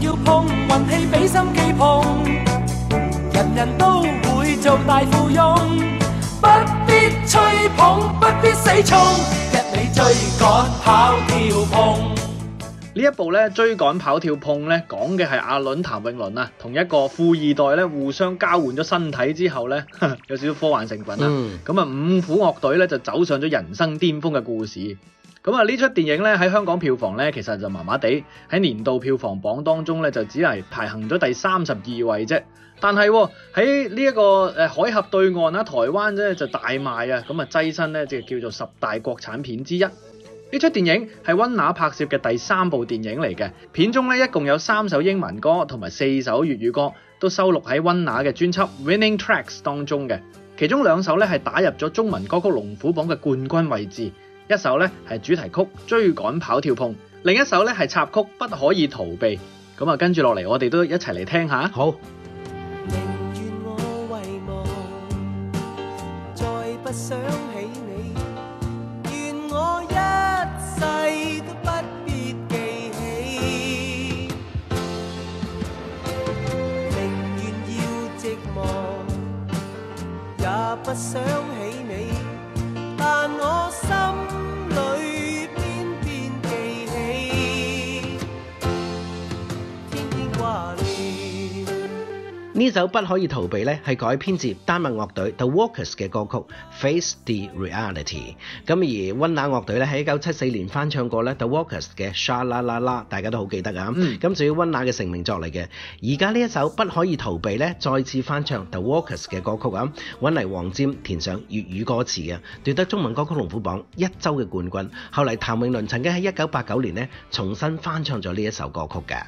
要碰運氣，俾心機碰，人人都會做大富翁，不必吹捧，不必死衝，一味追趕跑跳碰呢。呢一部咧追趕跑跳碰咧，講嘅係阿倫譚詠麟啊，同一個富二代咧互相交換咗身體之後咧， 有少少科幻成分啦。咁啊、嗯，五虎樂隊咧就走上咗人生巔峰嘅故事。咁啊！呢出電影咧喺香港票房咧其實就麻麻地，喺年度票房榜當中咧就只係排行咗第三十二位啫。但係喺呢一個誒海峽對岸啊，台灣咧就大賣啊，咁啊躋身咧即係叫做十大國產片之一。呢出電影係温拿拍攝嘅第三部電影嚟嘅，片中咧一共有三首英文歌同埋四首粵語歌都收錄喺温拿嘅專輯《Winning Tracks》當中嘅，其中兩首咧係打入咗中文歌曲龍虎榜嘅冠軍位置。一首咧係主題曲《追趕跑跳碰》，另一首咧係插曲《不可以逃避》。咁啊，跟住落嚟，我哋都一齊嚟聽下。好。寧願我呢首不可以逃避咧，係改編自丹麥樂隊 The Walkers 嘅歌曲《Face the Reality》。咁而温拿樂隊咧喺一九七四年翻唱過咧 The Walkers 嘅《Sha La La La》，大家都好記得㗎！咁仲要温拿嘅成名作嚟嘅。而家呢一首不可以逃避咧，再次翻唱 The Walkers 嘅歌曲啊，搵嚟黃霑填上粵語歌詞啊，奪得中文歌曲龍虎榜一周嘅冠軍。後嚟譚詠麟曾經喺一九八九年咧重新翻唱咗呢一首歌曲嘅。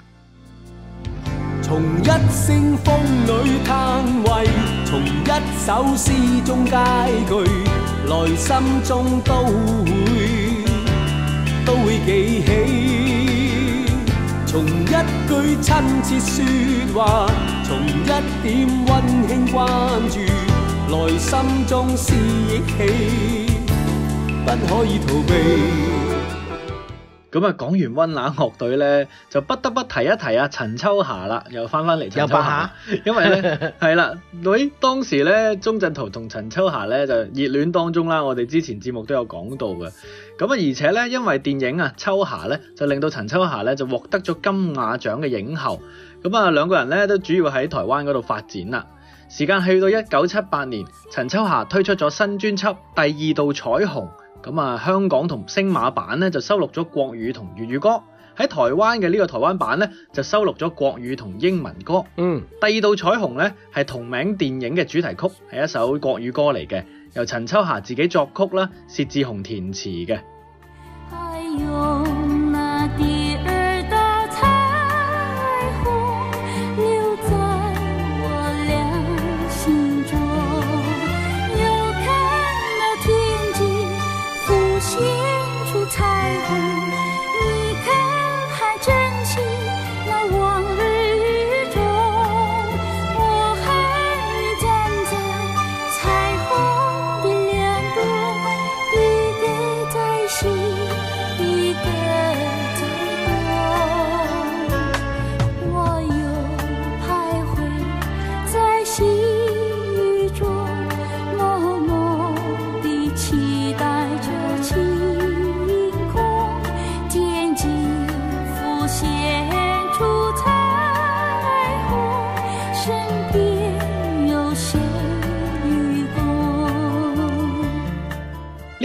從一聲風裏嘆喟，從一首詩中佳句，來心中都會都會記起。從一句親切説話，從一點温馨關注，來心中思憶起，不可以逃避。咁啊，講完温拿樂隊咧，就不得不提一提啊陳秋霞啦，又翻翻嚟聽下，因為咧係啦，喂 當時咧，鍾鎮濤同陳秋霞咧就熱戀當中啦，我哋之前節目都有講到嘅。咁啊，而且咧，因為電影啊，秋霞咧就令到陳秋霞咧就獲得咗金馬獎嘅影后。咁啊，兩個人咧都主要喺台灣嗰度發展啦。時間去到一九七八年，陳秋霞推出咗新專輯《第二道彩虹》。咁啊，香港同星馬版咧就收錄咗國語同粵語歌，喺台灣嘅呢個台灣版咧就收錄咗國語同英文歌。嗯，第二道彩虹咧係同名電影嘅主題曲，係一首國語歌嚟嘅，由陳秋霞自己作曲啦，薛志雄填詞嘅。哎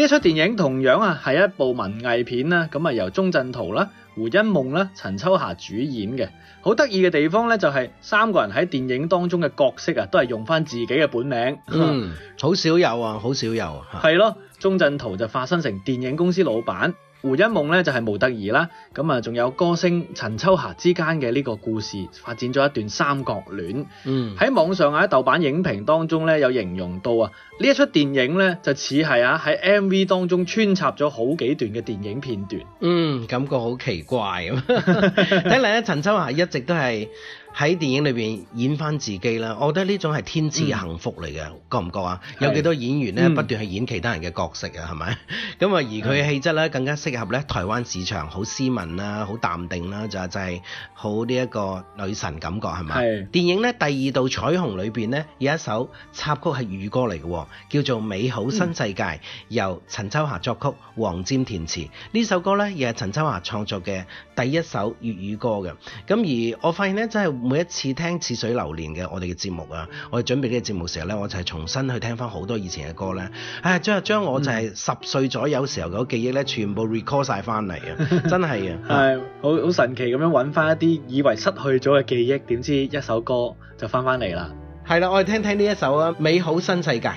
呢出電影同樣啊係一部文藝片啦，咁啊由鍾鎮濤啦、胡因夢啦、陳秋霞主演嘅。好得意嘅地方咧，就係三個人喺電影當中嘅角色啊，都係用翻自己嘅本名。嗯，好少有啊，好少有啊。係咯，鍾鎮濤就化身成電影公司老闆。胡因夢咧就係模特兒啦，咁啊仲有歌星陳秋霞之間嘅呢個故事，發展咗一段三角戀。嗯，喺網上喺豆瓣影評當中咧，有形容到啊，呢一出電影咧就似係啊喺 MV 當中穿插咗好幾段嘅電影片段。嗯，感覺好奇怪。睇嚟咧，陳秋霞一直都係。喺電影裏邊演翻自己啦，我覺得呢種係天賜嘅幸福嚟嘅，嗯、覺唔覺啊？是有幾多演員咧不斷去演其他人嘅角色啊？係咪、嗯？咁啊是吧， 而佢嘅氣質咧更加適合咧台灣市場，好斯文啦，好淡定啦，就係就係好呢一個女神感覺係咪？是電影呢第二道彩虹裏邊呢有一首插曲係粵語歌嚟嘅，叫做《美好新世界》，嗯、由陳秋霞作曲、黃霑填詞。呢首歌呢亦係陳秋霞創作嘅第一首粵語歌嘅。咁而我發現呢真係。每一次聽《似水流年》嘅我哋嘅節目啊，我哋準備呢個節目時候咧，我就係重新去聽翻好多以前嘅歌咧，唉，即係將我就係十歲左右時候嘅記憶咧，全部 recall 晒翻嚟啊， 真係的啊，係好好神奇咁樣揾翻一啲以為失去咗嘅記憶，點知一首歌就翻翻嚟啦，係啦，我哋聽聽呢一首啊，《美好新世界》。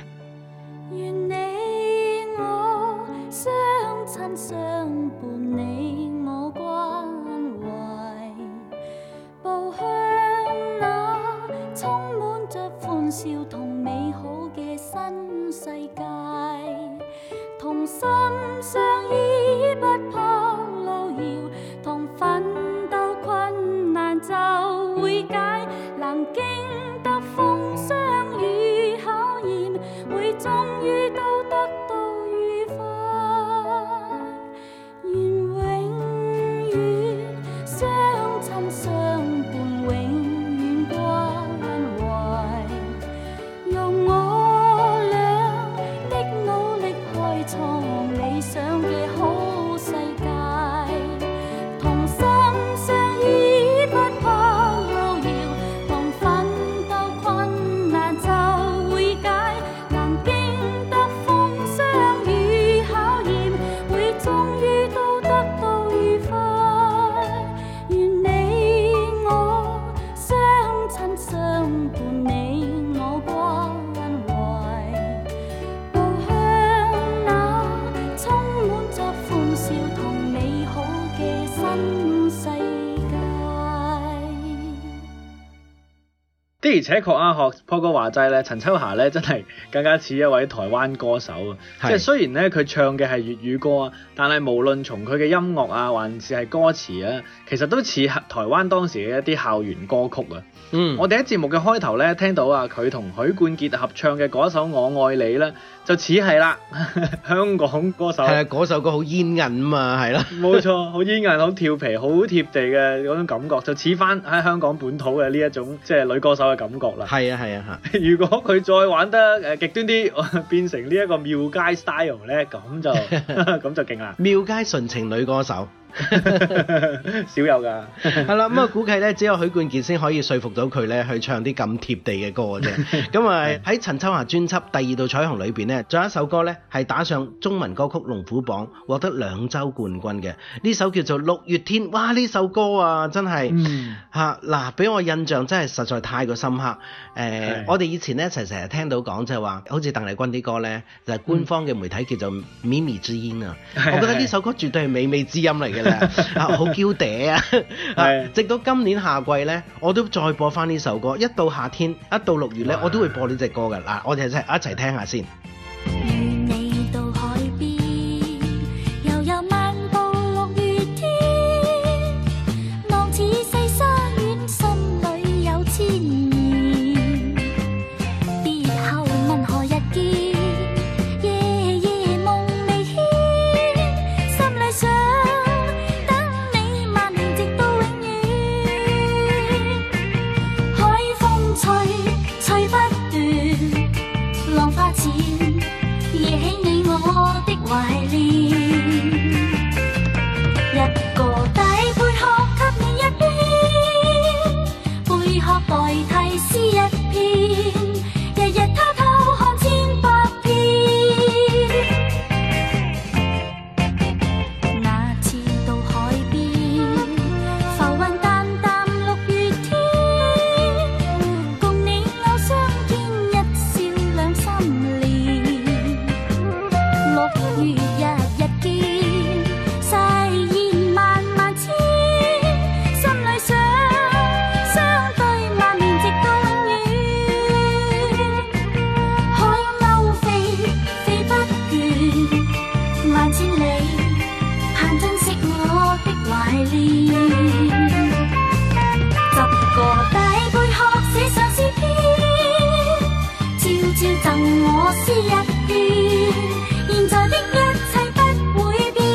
而且確啊，學 Paul 哥話齋咧，陳秋霞咧真係更加似一位台灣歌手啊！是即係雖然咧佢唱嘅係粵語歌啊，但係無論從佢嘅音樂啊，還是係歌詞啊，其實都似台灣當時嘅一啲校園歌曲啊！嗯，我哋喺節目嘅開頭咧聽到啊，佢同許冠傑合唱嘅嗰首《我愛你》啦，就似係啦，香港歌手係啊，嗰首歌好煙韌啊嘛，係咯，冇 錯，好煙韌，好跳皮，好貼地嘅嗰種感覺，就似翻喺香港本土嘅呢一種即係女歌手。感覺啦，係啊係啊嚇！啊 如果佢再玩得誒極端啲， 變成呢一個廟街 style 咧，咁 樣就咁就勁啦！ 廟街純情女歌手。少有噶，係啦咁啊！估計咧，只有許冠傑先可以說服到佢咧去唱啲咁貼地嘅歌啫。咁啊喺陳秋霞專輯《第二道彩虹》裏邊呢，仲有一首歌呢係打上中文歌曲龍虎榜，獲得兩周冠軍嘅。呢首叫做《六月天》。哇！呢首歌啊，真係嚇嗱，俾、嗯啊、我印象真係實在太過深刻。誒、欸，的我哋以前咧成成日聽到講就係話，好似鄧麗君啲歌呢，就係、是、官方嘅媒體叫做《靡靡之音》啊、嗯。我覺得呢首歌絕對係靡靡之音嚟 啊，好嬌嗲啊！係，直到今年夏季呢，我都再播翻呢首歌。一到夏天，一到六月呢，哇我都會播呢隻歌㗎。嗱，我哋一齊聽一下先。現在的一切不會變。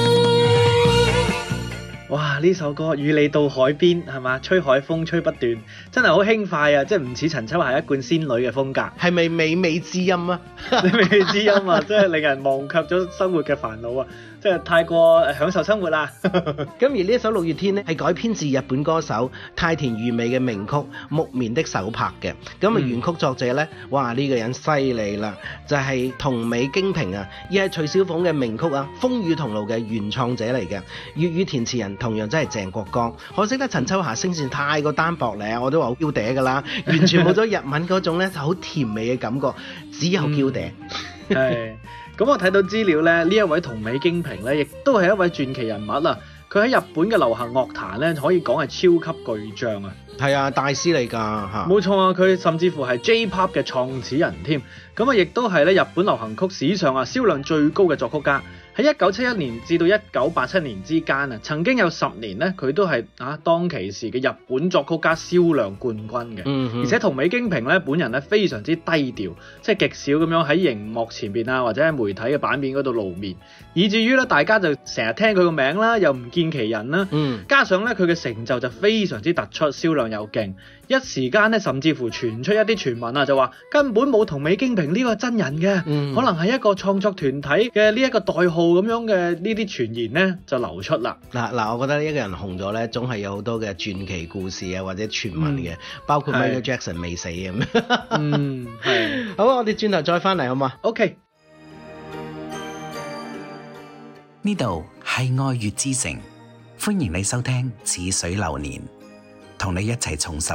哇！呢首歌與你到海邊係嘛？吹海風吹不斷，真係好輕快啊！即係唔似陳秋霞一貫仙女嘅風格，係咪美美之音啊？ 美美之音啊！真係令人忘卻咗生活嘅煩惱啊！真係太過享受生活啦！咁而呢一首《六月天》呢，係改編自日本歌手太田裕美嘅名曲《木棉的手拍》嘅。咁啊、嗯，原曲作者呢？哇呢、這個人犀利啦，就係、是、同美京平筒美京平啊，而係徐小鳳嘅名曲啊《風雨同路》嘅原創者嚟嘅。粵語填詞人同樣真係鄭國江。可惜咧，陳秋霞聲線太過單薄咧，我都話好嬌嗲噶啦，完全冇咗日文嗰種呢，就好甜美嘅感覺，只有嬌嗲。咁我睇到資料咧，呢一位筒美京平咧，亦都係一位傳奇人物啊！佢喺日本嘅流行樂壇咧，可以講係超級巨匠啊！係啊，大師嚟㗎嚇！冇錯啊，佢甚至乎係 J-pop 嘅創始人添。咁啊，亦都係咧，日本流行曲史上啊，銷量最高嘅作曲家。喺一九七一年至到一九八七年之間啊，曾經有十年咧，佢都係啊當其時嘅日本作曲家銷量冠軍嘅。嗯、哼而且筒美京平咧，本人咧，非常之低調，即係極少咁樣喺熒幕前邊啊，或者喺媒體嘅版面嗰度露面，以至於咧大家就成日聽佢個名啦，又唔見其人啦。嗯、加上咧佢嘅成就就非常之突出，銷量又勁。一時間咧，甚至乎傳出一啲傳聞啊，就話根本冇筒美京平呢個真人嘅，嗯、可能係一個創作團體嘅呢一個代號咁樣嘅呢啲傳言呢，就流出啦。嗱嗱、啊啊，我覺得一個人紅咗呢，總係有好多嘅傳奇故事啊，或者傳聞嘅，嗯、包括 Michael Jackson 未的死咁。係、嗯、 好啊，我哋轉頭再翻嚟好嘛？OK，呢度係愛粵之城，歡迎你收聽《似水流年》，同你一齊重拾。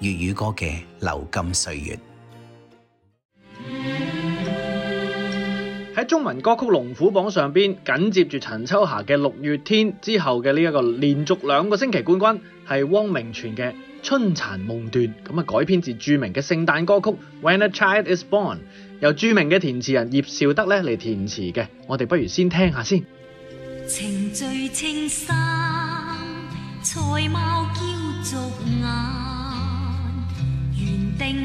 粵語歌嘅《流金歲月》，喺中文歌曲龍虎榜上邊，緊接住陳秋霞嘅《六月天》之後嘅呢一個連續兩個星期冠軍，係汪明荃嘅《春殘夢斷》，咁啊改編自著名嘅聖誕歌曲《When a Child Is Born》，由著名嘅填詞人葉紹德呢嚟填詞嘅，我哋不如先聽下先。情最青山，才貌嬌絕眼。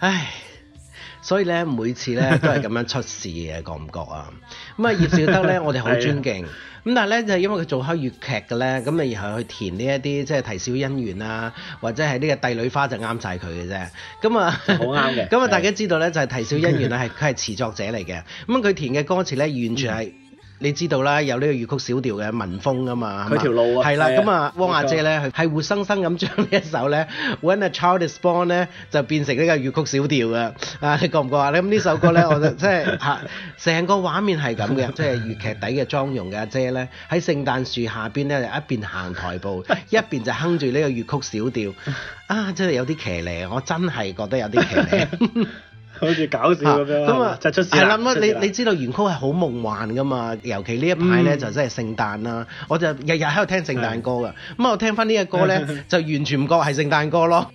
唉，所以咧每次咧都係咁樣出事嘅， 覺唔覺啊？咁啊葉紹德咧，我哋好尊敬。咁 的但係咧就係、是、因為佢做開粵劇嘅咧，咁啊然後去填呢一啲即係啼笑姻緣啊，或者係呢個帝女花就啱晒佢嘅啫。咁啊好啱嘅。咁啊 大家知道咧就係、是、啼、啊、笑姻緣啊係佢係詞作者嚟嘅。咁佢填嘅歌詞咧完全係、嗯。你知道啦，有呢個粵曲小調嘅民風噶嘛？佢條路啊，係啦，咁啊，汪阿姐咧係的活生生咁將呢一首咧，When a Child is Born 咧就變成呢個粵曲小調嘅，啊，你覺唔覺啊？你咁呢首歌咧，我就即係嚇，成、啊、個畫面係咁嘅，即係粵劇底嘅妝容嘅阿姐咧，喺聖誕樹下邊咧，一邊行台步，一邊就哼住呢個粵曲小調，啊，真係有啲騎呢，我真係覺得有啲騎呢。 好似搞笑咁啊！咁啊、嗯、就出事啦！係啦的，咁你你知道原曲係好夢幻噶嘛？尤其呢一排咧就真係聖誕啦！我就日日喺度聽聖誕歌噶，咁的、嗯、我聽翻呢個歌咧就完全唔覺係聖誕歌咯，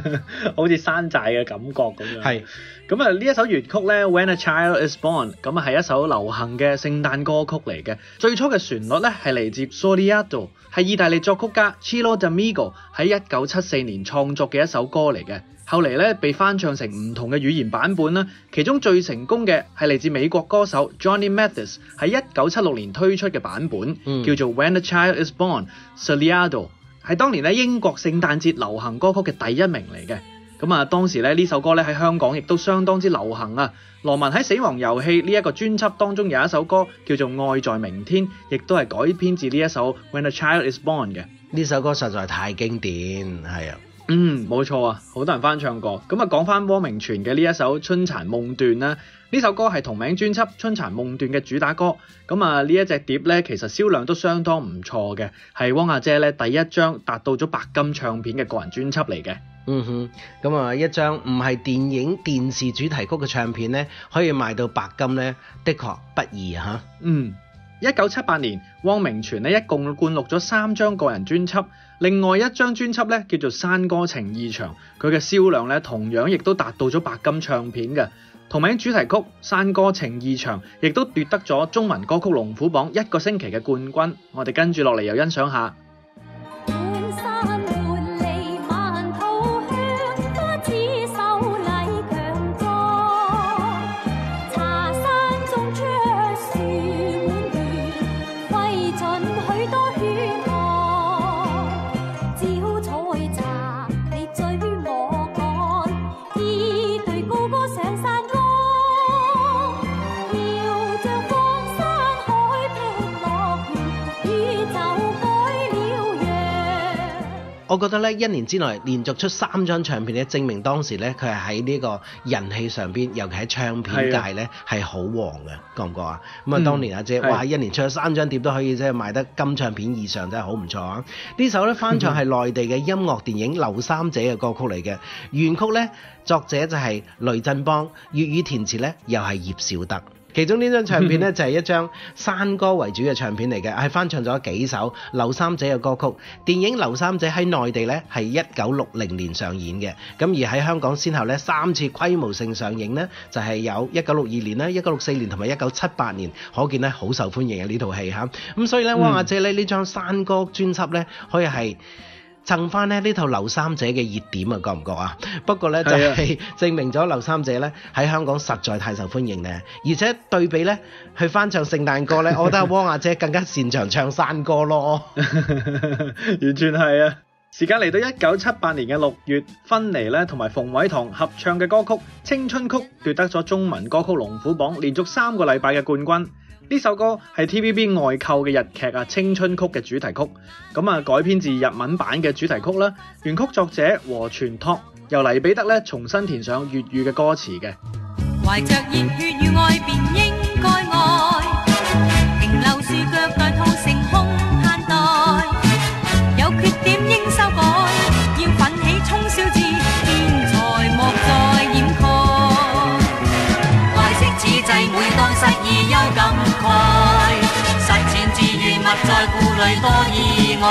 好似山寨嘅感覺咁樣。係。咁啊，呢一首原曲咧，When a Child is Born，咁啊係一首流行嘅聖誕歌曲嚟嘅。最初嘅旋律咧係嚟自 Soleado 係意大利作曲家 Ciro Dammicco 喺一九七四年創作嘅一首歌嚟嘅。後嚟咧被翻唱成唔同嘅語言版本啦。其中最成功嘅係嚟自美國歌手 Johnny Mathis 喺一九七六年推出嘅版本，嗯、叫做 When a Child is Born，Soleado，係當年喺英國聖誕節流行歌曲嘅第一名嚟嘅。咁啊，當時咧呢首歌咧喺香港亦都相當之流行啊！羅文喺《死亡遊戲》呢、這、一個專輯當中有一首歌叫做《愛在明天》，亦都係改編自呢一首《When a Child Is Born》嘅。呢首歌實在太經典，係啊，嗯，冇錯啊，好多人翻唱過。咁啊，講翻汪明荃嘅呢一首《春殘夢斷》啦、啊。呢首歌係同名專輯《春殘夢斷》嘅主打歌，咁啊呢一隻碟咧，其實銷量都相當唔錯嘅，係汪阿姐咧第一張達到咗白金唱片嘅個人專輯嚟嘅。嗯哼，咁啊一張唔係電影、電視主題曲嘅唱片咧，可以賣到白金咧，的確不易啊吓。嗯，一九七八年，汪明荃咧一共灌錄咗三張個人專輯，另外一張專輯咧叫做《山歌情誼長》，佢嘅銷量咧同樣亦都達到咗白金唱片嘅。同名主題曲《山歌情誼長》亦都奪得咗中文歌曲龍虎榜一個星期嘅冠軍，我哋跟住落嚟又欣賞下。我覺得咧，一年之內連續出三張唱片咧，證明當時咧佢係喺呢個人氣上邊，尤其喺唱片界咧係好旺嘅，覺唔覺啊？咁啊、嗯，當年阿姐的哇，一年出咗三張碟都可以，即係賣得金唱片以上，真係好唔錯啊！首呢首咧翻唱係內地嘅音樂電影《劉三姐》嘅歌曲嚟嘅，原曲咧作者就係雷振邦，粵語填詞咧又係葉紹德。其中呢張唱片呢，就係、是、一張山歌為主嘅唱片嚟嘅，係翻唱咗幾首劉三姐嘅歌曲。電影《劉三姐》喺內地呢，係一九六零年上演嘅，咁而喺香港先後呢三次規模性上映呢，就係、是、有一九六二年啦、一九六四年同埋一九七八年，可見呢，好受歡迎嘅呢套戲哈。咁所以呢，汪阿姐呢呢張山歌專輯呢，可以係。蹭翻咧呢套《劉三姐》嘅熱點啊，覺唔覺啊？不過咧就係證明咗《劉三姐》咧喺香港實在太受歡迎咧，而且對比咧去翻唱聖誕歌咧，我覺得汪阿姐更加擅長唱山歌咯，完全係啊！時間嚟到一九七八年嘅六月，薰妮咧同埋馮偉棠合唱嘅歌曲《青春曲》奪得咗中文歌曲龍虎榜連續三個禮拜嘅冠軍。呢首歌係 TVB 外購嘅日劇啊青春曲嘅主題曲，咁啊改編自日文版嘅主題曲啦，原曲作者和泉托由黎彼得咧重新填上粵語嘅歌詞嘅。在故里多意外，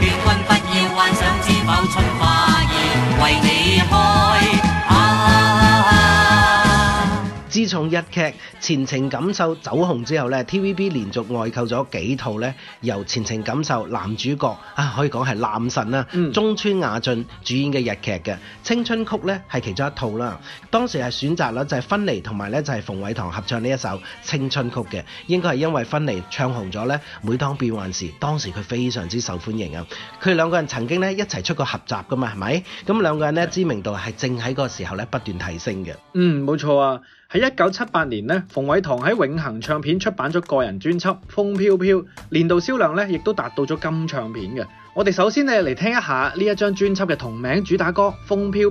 願君不要幻想，知否春花現？為你。重日劇《前程感受》走紅之後咧，TVB 連續外購咗幾套咧，由《前程感受》男主角啊，可以講係男神啦，中村雅俊主演嘅日劇嘅《青春曲》咧係其中一套啦。當時係選擇啦，就係薰妮同埋咧就係馮偉棠合唱呢一首《青春曲》嘅，應該係因為薰妮唱紅咗咧，每當變幻時，當時佢非常之受歡迎啊。佢兩個人曾經咧一齊出過合集噶嘛，係咪？咁兩個人咧知名度係正喺個時候咧不斷提升嘅。嗯，冇錯啊。喺一九七八年呢，馮偉棠喺永恒唱片出版咗個人專輯《風飄飄》，年度銷量咧亦都達到咗金唱片嘅。我哋首先咧嚟聽一下呢一張專輯嘅同名主打歌《風飄飄》，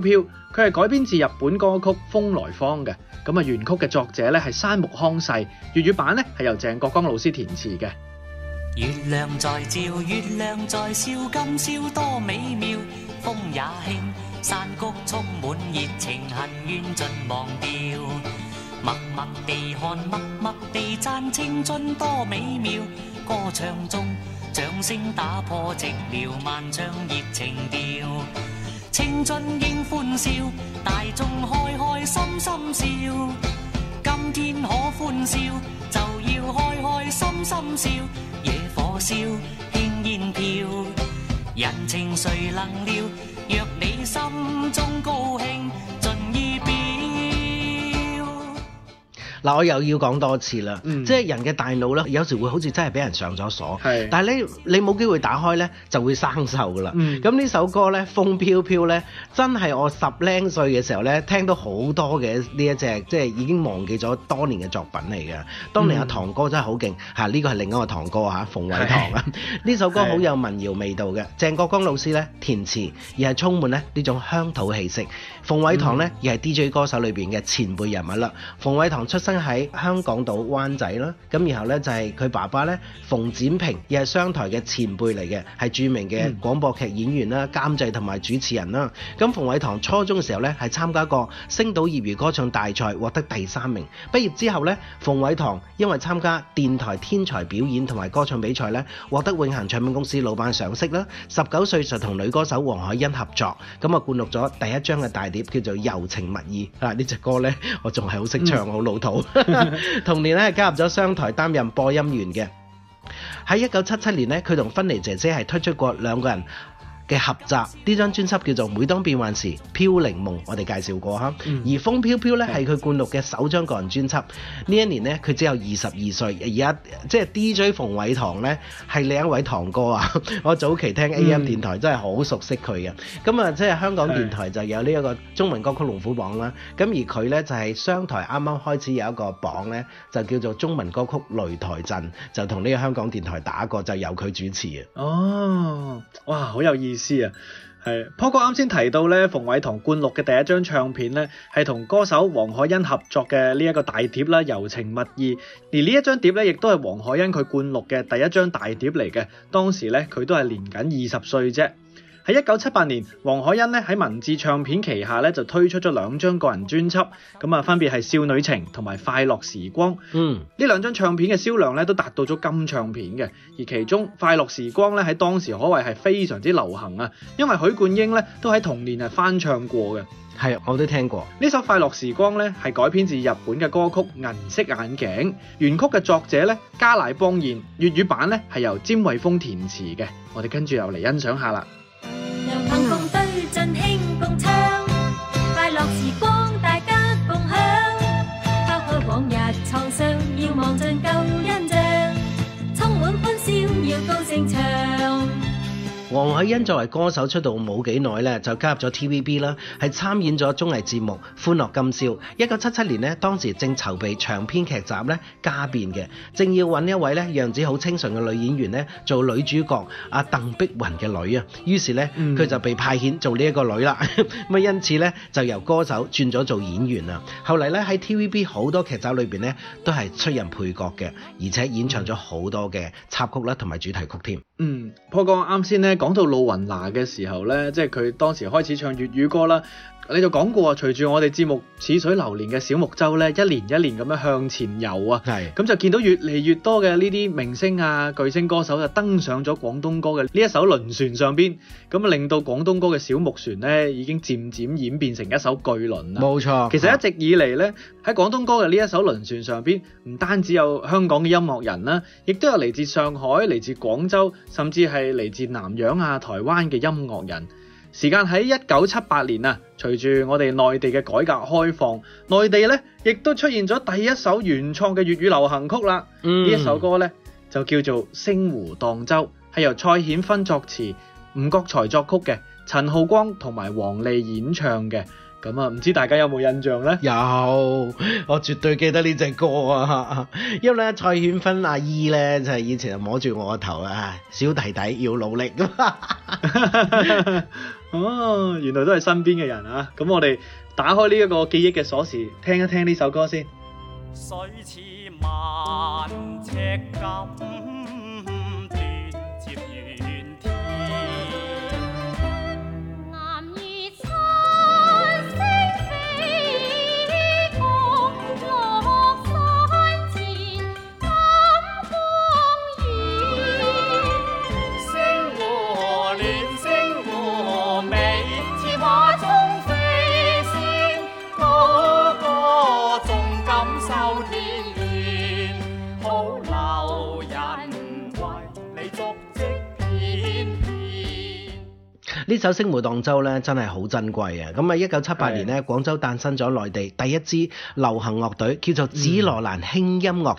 佢係改編自日本歌曲《風來坊》嘅。咁啊，原曲嘅作者咧係山木康世，粵語版咧係由鄭國江老師填詞嘅。月亮在照，月亮在笑，今宵多美妙。風也輕，山谷充滿熱情，恨冤盡忘掉。默默地看，默默地讚，青春多美妙。歌唱中，掌聲打破寂寥，萬唱熱情調。青春應歡笑，大眾開開心心笑。今天可歡笑，就要開開心心笑。野火燒，輕煙飄，人情誰能料？若你心中高興。嗱，我又要講多次啦，嗯、即係人嘅大腦咧，有時會好似真係俾人上咗鎖，是但係咧你你冇機會打開呢，就會生鏽啦。咁呢、嗯、首歌呢，《風飄飄》呢，真係我十零歲嘅時候呢，聽到好多嘅呢一隻，即係已經忘記咗多年嘅作品嚟嘅。當年阿棠哥真係好勁嚇，呢個係另一個棠哥啊。馮偉棠啊。呢是 首歌好有民謠味道嘅，鄭國江老師呢，填詞，而係充滿咧呢種鄉土氣息。馮偉棠呢，亦係 D.J. 歌手裏邊嘅前輩人物啦。馮偉棠出生喺香港島灣仔啦，咁然後呢，就係、是、佢爸爸咧馮展平，亦係商台嘅前輩嚟嘅，係著名嘅廣播劇演員啦、監製同埋主持人啦。咁馮偉棠初中嘅時候呢，係參加過星島業餘歌唱大賽，獲得第三名。畢業之後呢，馮偉棠因為參加電台天才表演同埋歌唱比賽咧，獲得永恆唱片公司老闆賞識啦。十九歲就同女歌手黃愷欣合作，咁啊灌錄咗第一張嘅大碟。叫做柔情蜜意啊！呢隻歌咧，我仲係好識唱，好老土。 同年咧，加入咗商台擔任播音員嘅。喺一九七七年咧，佢同芬妮姐姐係推出過兩個人嘅合集，呢張專輯叫做《每當變幻時》，《飄零夢》我哋介紹過哈。而《風飄飄》咧係佢灌錄嘅首張個人專輯，呢一年咧，佢只有二十二歲，而家即係 DJ 馮偉棠咧係另一位堂哥啊！我早期聽 AM 電台、嗯、真係好熟悉佢嘅。咁啊，即係香港電台就有呢一個中文歌曲龍虎榜啦。咁而佢咧就係商台啱啱開始有一個榜咧，就叫做中文歌曲擂台陣，就同呢個香港電台打過，就由佢主持啊。哦，哇，好有意思！師啊，係坡哥啱先提到咧，馮偉棠灌錄嘅第一張唱片咧，係同歌手黃愷欣合作嘅呢一個大碟啦，《柔情蜜意》，而張呢一張碟咧，亦都係黃愷欣佢灌錄嘅第一張大碟嚟嘅，當時咧佢都係年僅二十歲啫。喺一九七八年，黃愷欣咧喺文字唱片旗下咧就推出咗兩張個人專輯，咁啊分別係《少女情》同埋《快樂時光》。嗯，呢兩張唱片嘅銷量咧都達到咗金唱片嘅，而其中《快樂時光》咧喺當時可謂係非常之流行啊！因為許冠英咧都喺同年係翻唱過嘅。係，我都聽過呢首《快樂時光》咧係改編自日本嘅歌曲《銀色眼鏡》，原曲嘅作者咧加瀨邦彥，粵語版咧係由詹偉峰填詞嘅。我哋跟住又嚟欣賞下啦。振興。黃愷欣作為歌手出道冇幾耐咧，就加入咗 TVB 啦，係參演咗綜藝節目《歡樂今宵》。一九七七年呢，當時正籌備長篇劇集咧家變嘅，正要揾一位咧樣子好清純嘅女演員咧做女主角阿鄧碧雲嘅女啊，於是咧佢就被派遣做呢一個女啦。咁啊，因此咧就由歌手轉咗做演員啦。後嚟咧喺 TVB 好多劇集裏邊咧都係出任配角嘅，而且演唱咗好多嘅插曲啦同埋主題曲添。嗯，Paul 哥啱先咧。講到露雲娜嘅時候咧，即係佢當時開始唱粵語歌啦。你就講過啊，隨住我哋節目似水流年嘅小木舟咧，一年一年咁樣向前遊啊，咁就見到越嚟越多嘅呢啲明星啊、巨星歌手就登上咗廣東歌嘅呢一艘輪船上邊，咁啊令到廣東歌嘅小木船咧已經漸漸演變成一艘巨輪啦。冇錯，其實一直以嚟咧喺廣東歌嘅呢一艘輪船上邊，唔單止有香港嘅音樂人啦，亦都有嚟自上海、嚟自廣州，甚至係嚟自南洋啊、台灣嘅音樂人。時間喺一九七八年啊，隨住我哋內地嘅改革開放，內地咧亦都出現咗第一首原創嘅粵語流行曲啦。呢、嗯、一首歌咧就叫做《星湖蕩舟》，係由蔡顯芬作詞、吳國才作曲嘅，陳浩光同埋黃麗演唱嘅。咁啊，唔知大家有冇印象呢？有，我絕對記得呢隻歌啊！因為咧，蔡顯芬阿姨咧就係、是、以前就摸住我個頭啊，小弟弟要努力 哦，原來都係身邊嘅人啊！咁我哋打開呢一個記憶嘅鎖匙，聽一聽呢首歌先。水似萬尺金。」呢首《星湖蕩舟》咧真係好珍貴啊！咁啊，一九七八年咧，廣州誕生咗內地第一支流行樂隊，叫做紫羅蘭輕音《紫羅蘭輕音樂團》。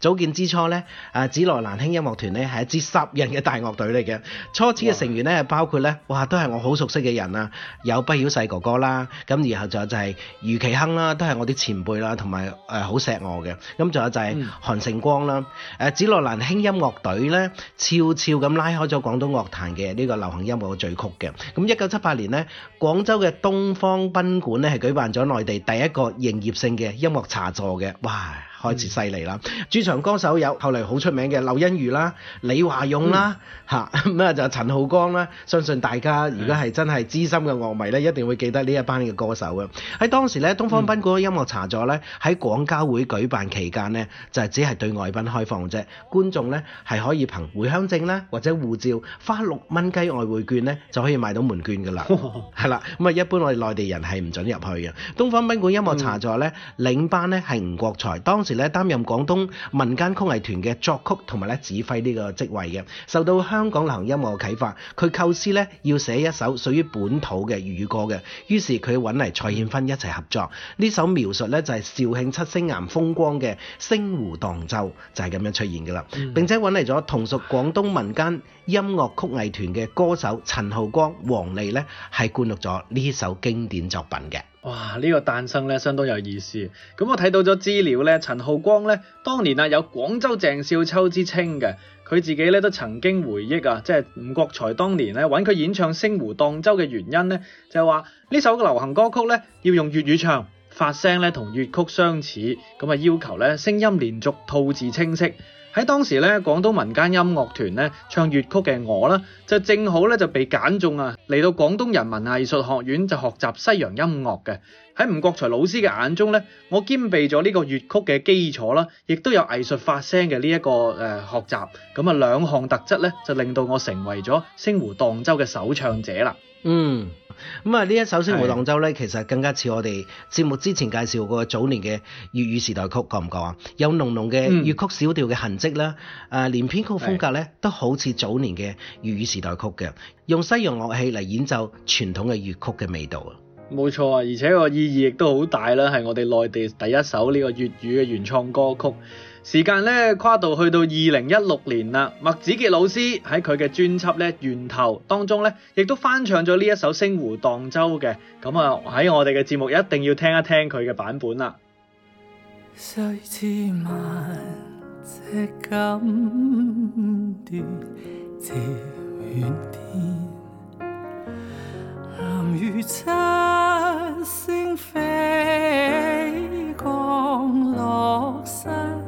組建之初咧，啊，紫羅蘭輕《紫羅蘭輕音樂團》咧係一支十人嘅大樂隊嚟嘅。初始嘅成員咧，包括咧，哇，都係我好熟悉嘅人哥哥、嗯、啊，有畢曉世哥哥啦，咁然後仲有就係余其亨啦，都係我啲前輩啦，同埋誒好錫我嘅。咁仲有就係韓承光啦。誒，《紫羅蘭輕音樂隊》咧悄悄咁拉開咗廣東樂壇嘅呢個流行音樂嘅序曲。咁一九七八年呢，廣州嘅東方賓館咧係舉辦咗內地第一個營業性嘅音樂茶座嘅。哇！開始犀利啦！駐、嗯、場歌手有後嚟好出名嘅劉欣如啦、李華勇啦，吓、嗯、咩、啊、就陳浩光啦。相信大家如果係真係資深嘅樂迷咧，一定會記得呢一班嘅歌手嘅。喺當時咧，東方賓館音樂茶座咧喺廣交會舉辦期間咧，就係只係對外賓開放啫，觀眾咧係可以憑回鄉證啦或者護照花，花六蚊雞外匯券咧就可以買到門券噶啦，係啦，咁啊一般我哋內地人係唔準入去嘅。東方賓館音樂茶座咧，領班咧係吳國才，當時咧擔任廣東民間曲藝團嘅作曲同埋咧指揮呢個職位嘅，受到香港流行音樂嘅啟發，佢構思咧要寫一首屬於本土嘅粵語歌嘅，於是佢揾嚟蔡衍棻一齊合作，呢首描述咧就係肇慶七星岩風光嘅《星湖蕩舟》，就係咁樣出現噶啦，並且揾嚟咗同屬廣東民間音樂曲藝團嘅歌手陳浩黃麗咧係灌錄咗呢首經典作品嘅。哇！呢個誕生咧相當有意思。咁我睇到咗資料咧，陳浩光咧當年啊有廣州鄭少秋之稱嘅，佢自己咧都曾經回憶啊，即係吳國才當年咧搵佢演唱《星湖蕩舟》嘅原因咧，就係話呢首流行歌曲咧要用粵語唱，發聲咧同粵曲相似，咁啊要求咧聲音連續、吐字清晰。喺當時咧，廣東民間音樂團咧唱粵曲嘅我啦，就正好咧就被揀中啊，嚟到廣東人民藝術學院就學習西洋音樂嘅。喺吳國才老師嘅眼中咧，我兼備咗呢個粵曲嘅基礎啦，亦都有藝術發聲嘅呢一個誒學習，咁啊兩項特質咧就令到我成為咗星湖蕩舟嘅首唱者啦。嗯，咁啊呢一首《星湖蕩舟》咧，其實更加似我哋節目之前介紹過早年嘅粵語時代曲，覺唔覺啊？有濃濃嘅粵曲小調嘅痕跡啦，誒、嗯啊、連編曲風格咧、嗯、都好似早年嘅粵語時代曲嘅，用西洋樂器嚟演奏傳統嘅粵曲嘅味道啊！冇錯啊，而且個意義亦都好大啦，係我哋內地第一首呢個粵語嘅原創歌曲。時間咧跨度去到二零一六年啦，麥子傑老師喺佢嘅專輯咧《源頭》當中咧，亦都翻唱咗呢一首《星湖蕩舟》嘅，咁啊喺我哋嘅節目一定要聽一聽佢嘅版本啦。誰知蔓，借錦斷，借斷天。鴻鵠七星飛，降落山。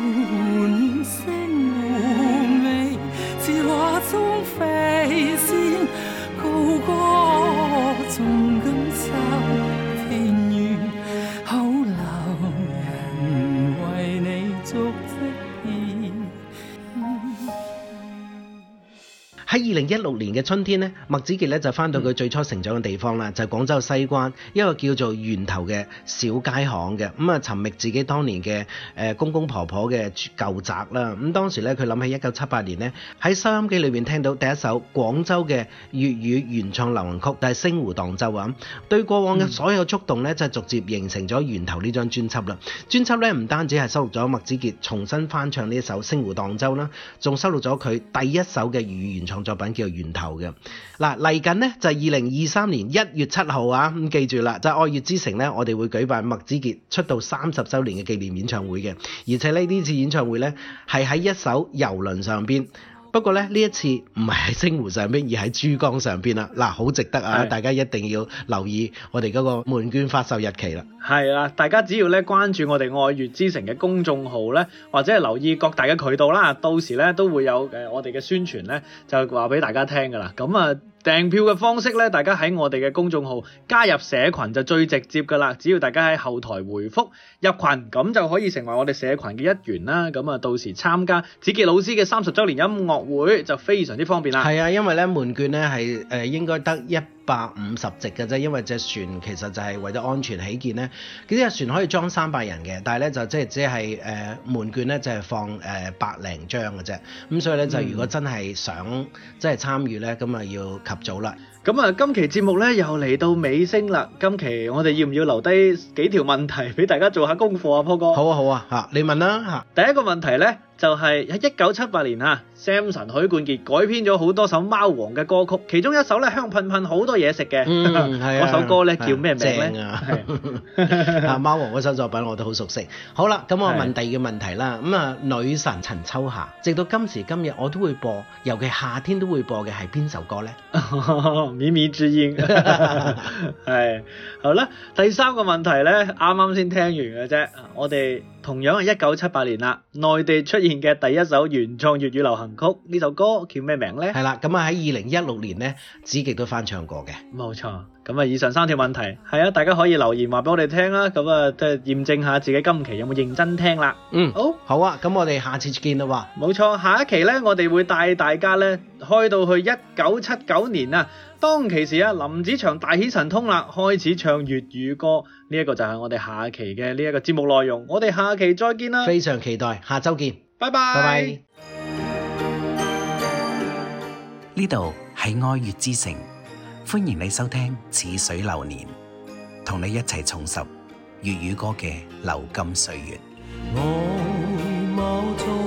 喺二零一六年嘅春天呢，麥子傑咧就返到佢最初成長嘅地方啦，嗯、就係廣州西關一個叫做源頭嘅小街巷嘅咁啊，尋、嗯、覓自己當年嘅誒、呃、公公婆婆嘅舊宅啦。咁、嗯、當時咧，佢諗起一九七八年呢，喺收音機裏面聽到第一首廣州嘅粵語原創流行曲，就係、是《星湖蕩舟》啊！對過往嘅所有觸動咧，嗯、就逐漸形成咗源頭呢張專輯啦。專輯咧唔單止係收錄咗麥子傑重新翻唱呢一首《星湖蕩舟，舟》啦，仲收錄咗佢第一首嘅粵語原創。作品叫做源頭嘅。嗱，嚟緊咧就係二零二三年一月七號啊，咁記住啦，就係、是、愛粵之城咧，我哋會舉辦麥子傑出道三十周年嘅紀念演唱會嘅，而且呢呢次演唱會咧係喺一艘遊輪上邊。不過咧呢一次唔係喺星湖上邊，而喺珠江上邊啦。嗱、啊，好值得啊！的大家一定要留意我哋嗰個滿捐發售日期啦。係啦，大家只要咧關注我哋愛粵之城嘅公眾號咧，或者係留意各大嘅渠道啦，到時咧都會有誒、呃、我哋嘅宣傳咧，就話俾大家聽噶啦。咁啊～訂票嘅方式咧，大家喺我哋嘅公眾號加入社群就最直接噶啦，只要大家喺後台回覆入群，咁就可以成為我哋社群嘅一員啦。咁啊，到時參加子傑老師嘅三十週年音樂會就非常之方便啦。係啊，因為咧門券咧係誒應該得一百五十席嘅啫，因為隻船其實就係為咗安全起見咧，呢啲船可以裝三百人嘅，但係咧就即係只係誒門券咧就係、是、放誒、呃、百零張嘅啫，咁所以咧就、嗯、如果真係想即係、就是、參與咧，咁啊要及早啦。咁啊，今期節目咧又嚟到尾聲啦。今期我哋要唔要留低幾條問題俾大家做下功課啊，波哥？好啊，好啊，吓，你問啦吓。第一個問題咧就係喺一九七八年啊，Samson 許冠傑改編咗好多首貓王嘅歌曲，其中一首咧香噴噴好多嘢食嘅，嗯，係啊，嗰首歌咧叫咩名啊？正啊，啊貓王嗰首作品我都好熟悉。好啦，咁我問第二個問題啦。咁啊，女神陳秋霞，直到今時今日我都會播，尤其夏天都會播嘅係邊首歌咧？咪咪之音， 係好啦。第三個問題呢，啱啱先聽完嘅啫。我哋同樣係一九七八年啦，內地出現嘅第一首原創粵語流行曲，呢首歌叫咩名呢？係啦，咁啊喺二零一六年呢，子傑都翻唱過嘅，冇錯。咁啊，以上三條問題係啊，大家可以留言話俾我哋聽啦。咁啊，即係驗證下自己今期有冇認真聽啦。嗯，好，好啊。咁我哋下次見啦。話冇錯，下一期呢，我哋會帶大家呢，開到去一九七九年啊。當其時啊，林子祥大顯神通啦，開始唱粵語歌。呢一個就係我哋下期嘅呢一個節目內容。我哋下期再見啦。非常期待，下周見。拜拜 bye。拜拜 bye。呢度係愛粵之城。歡迎你收聽《似水流年》，同你一齊重拾粵語歌嘅流金歲月。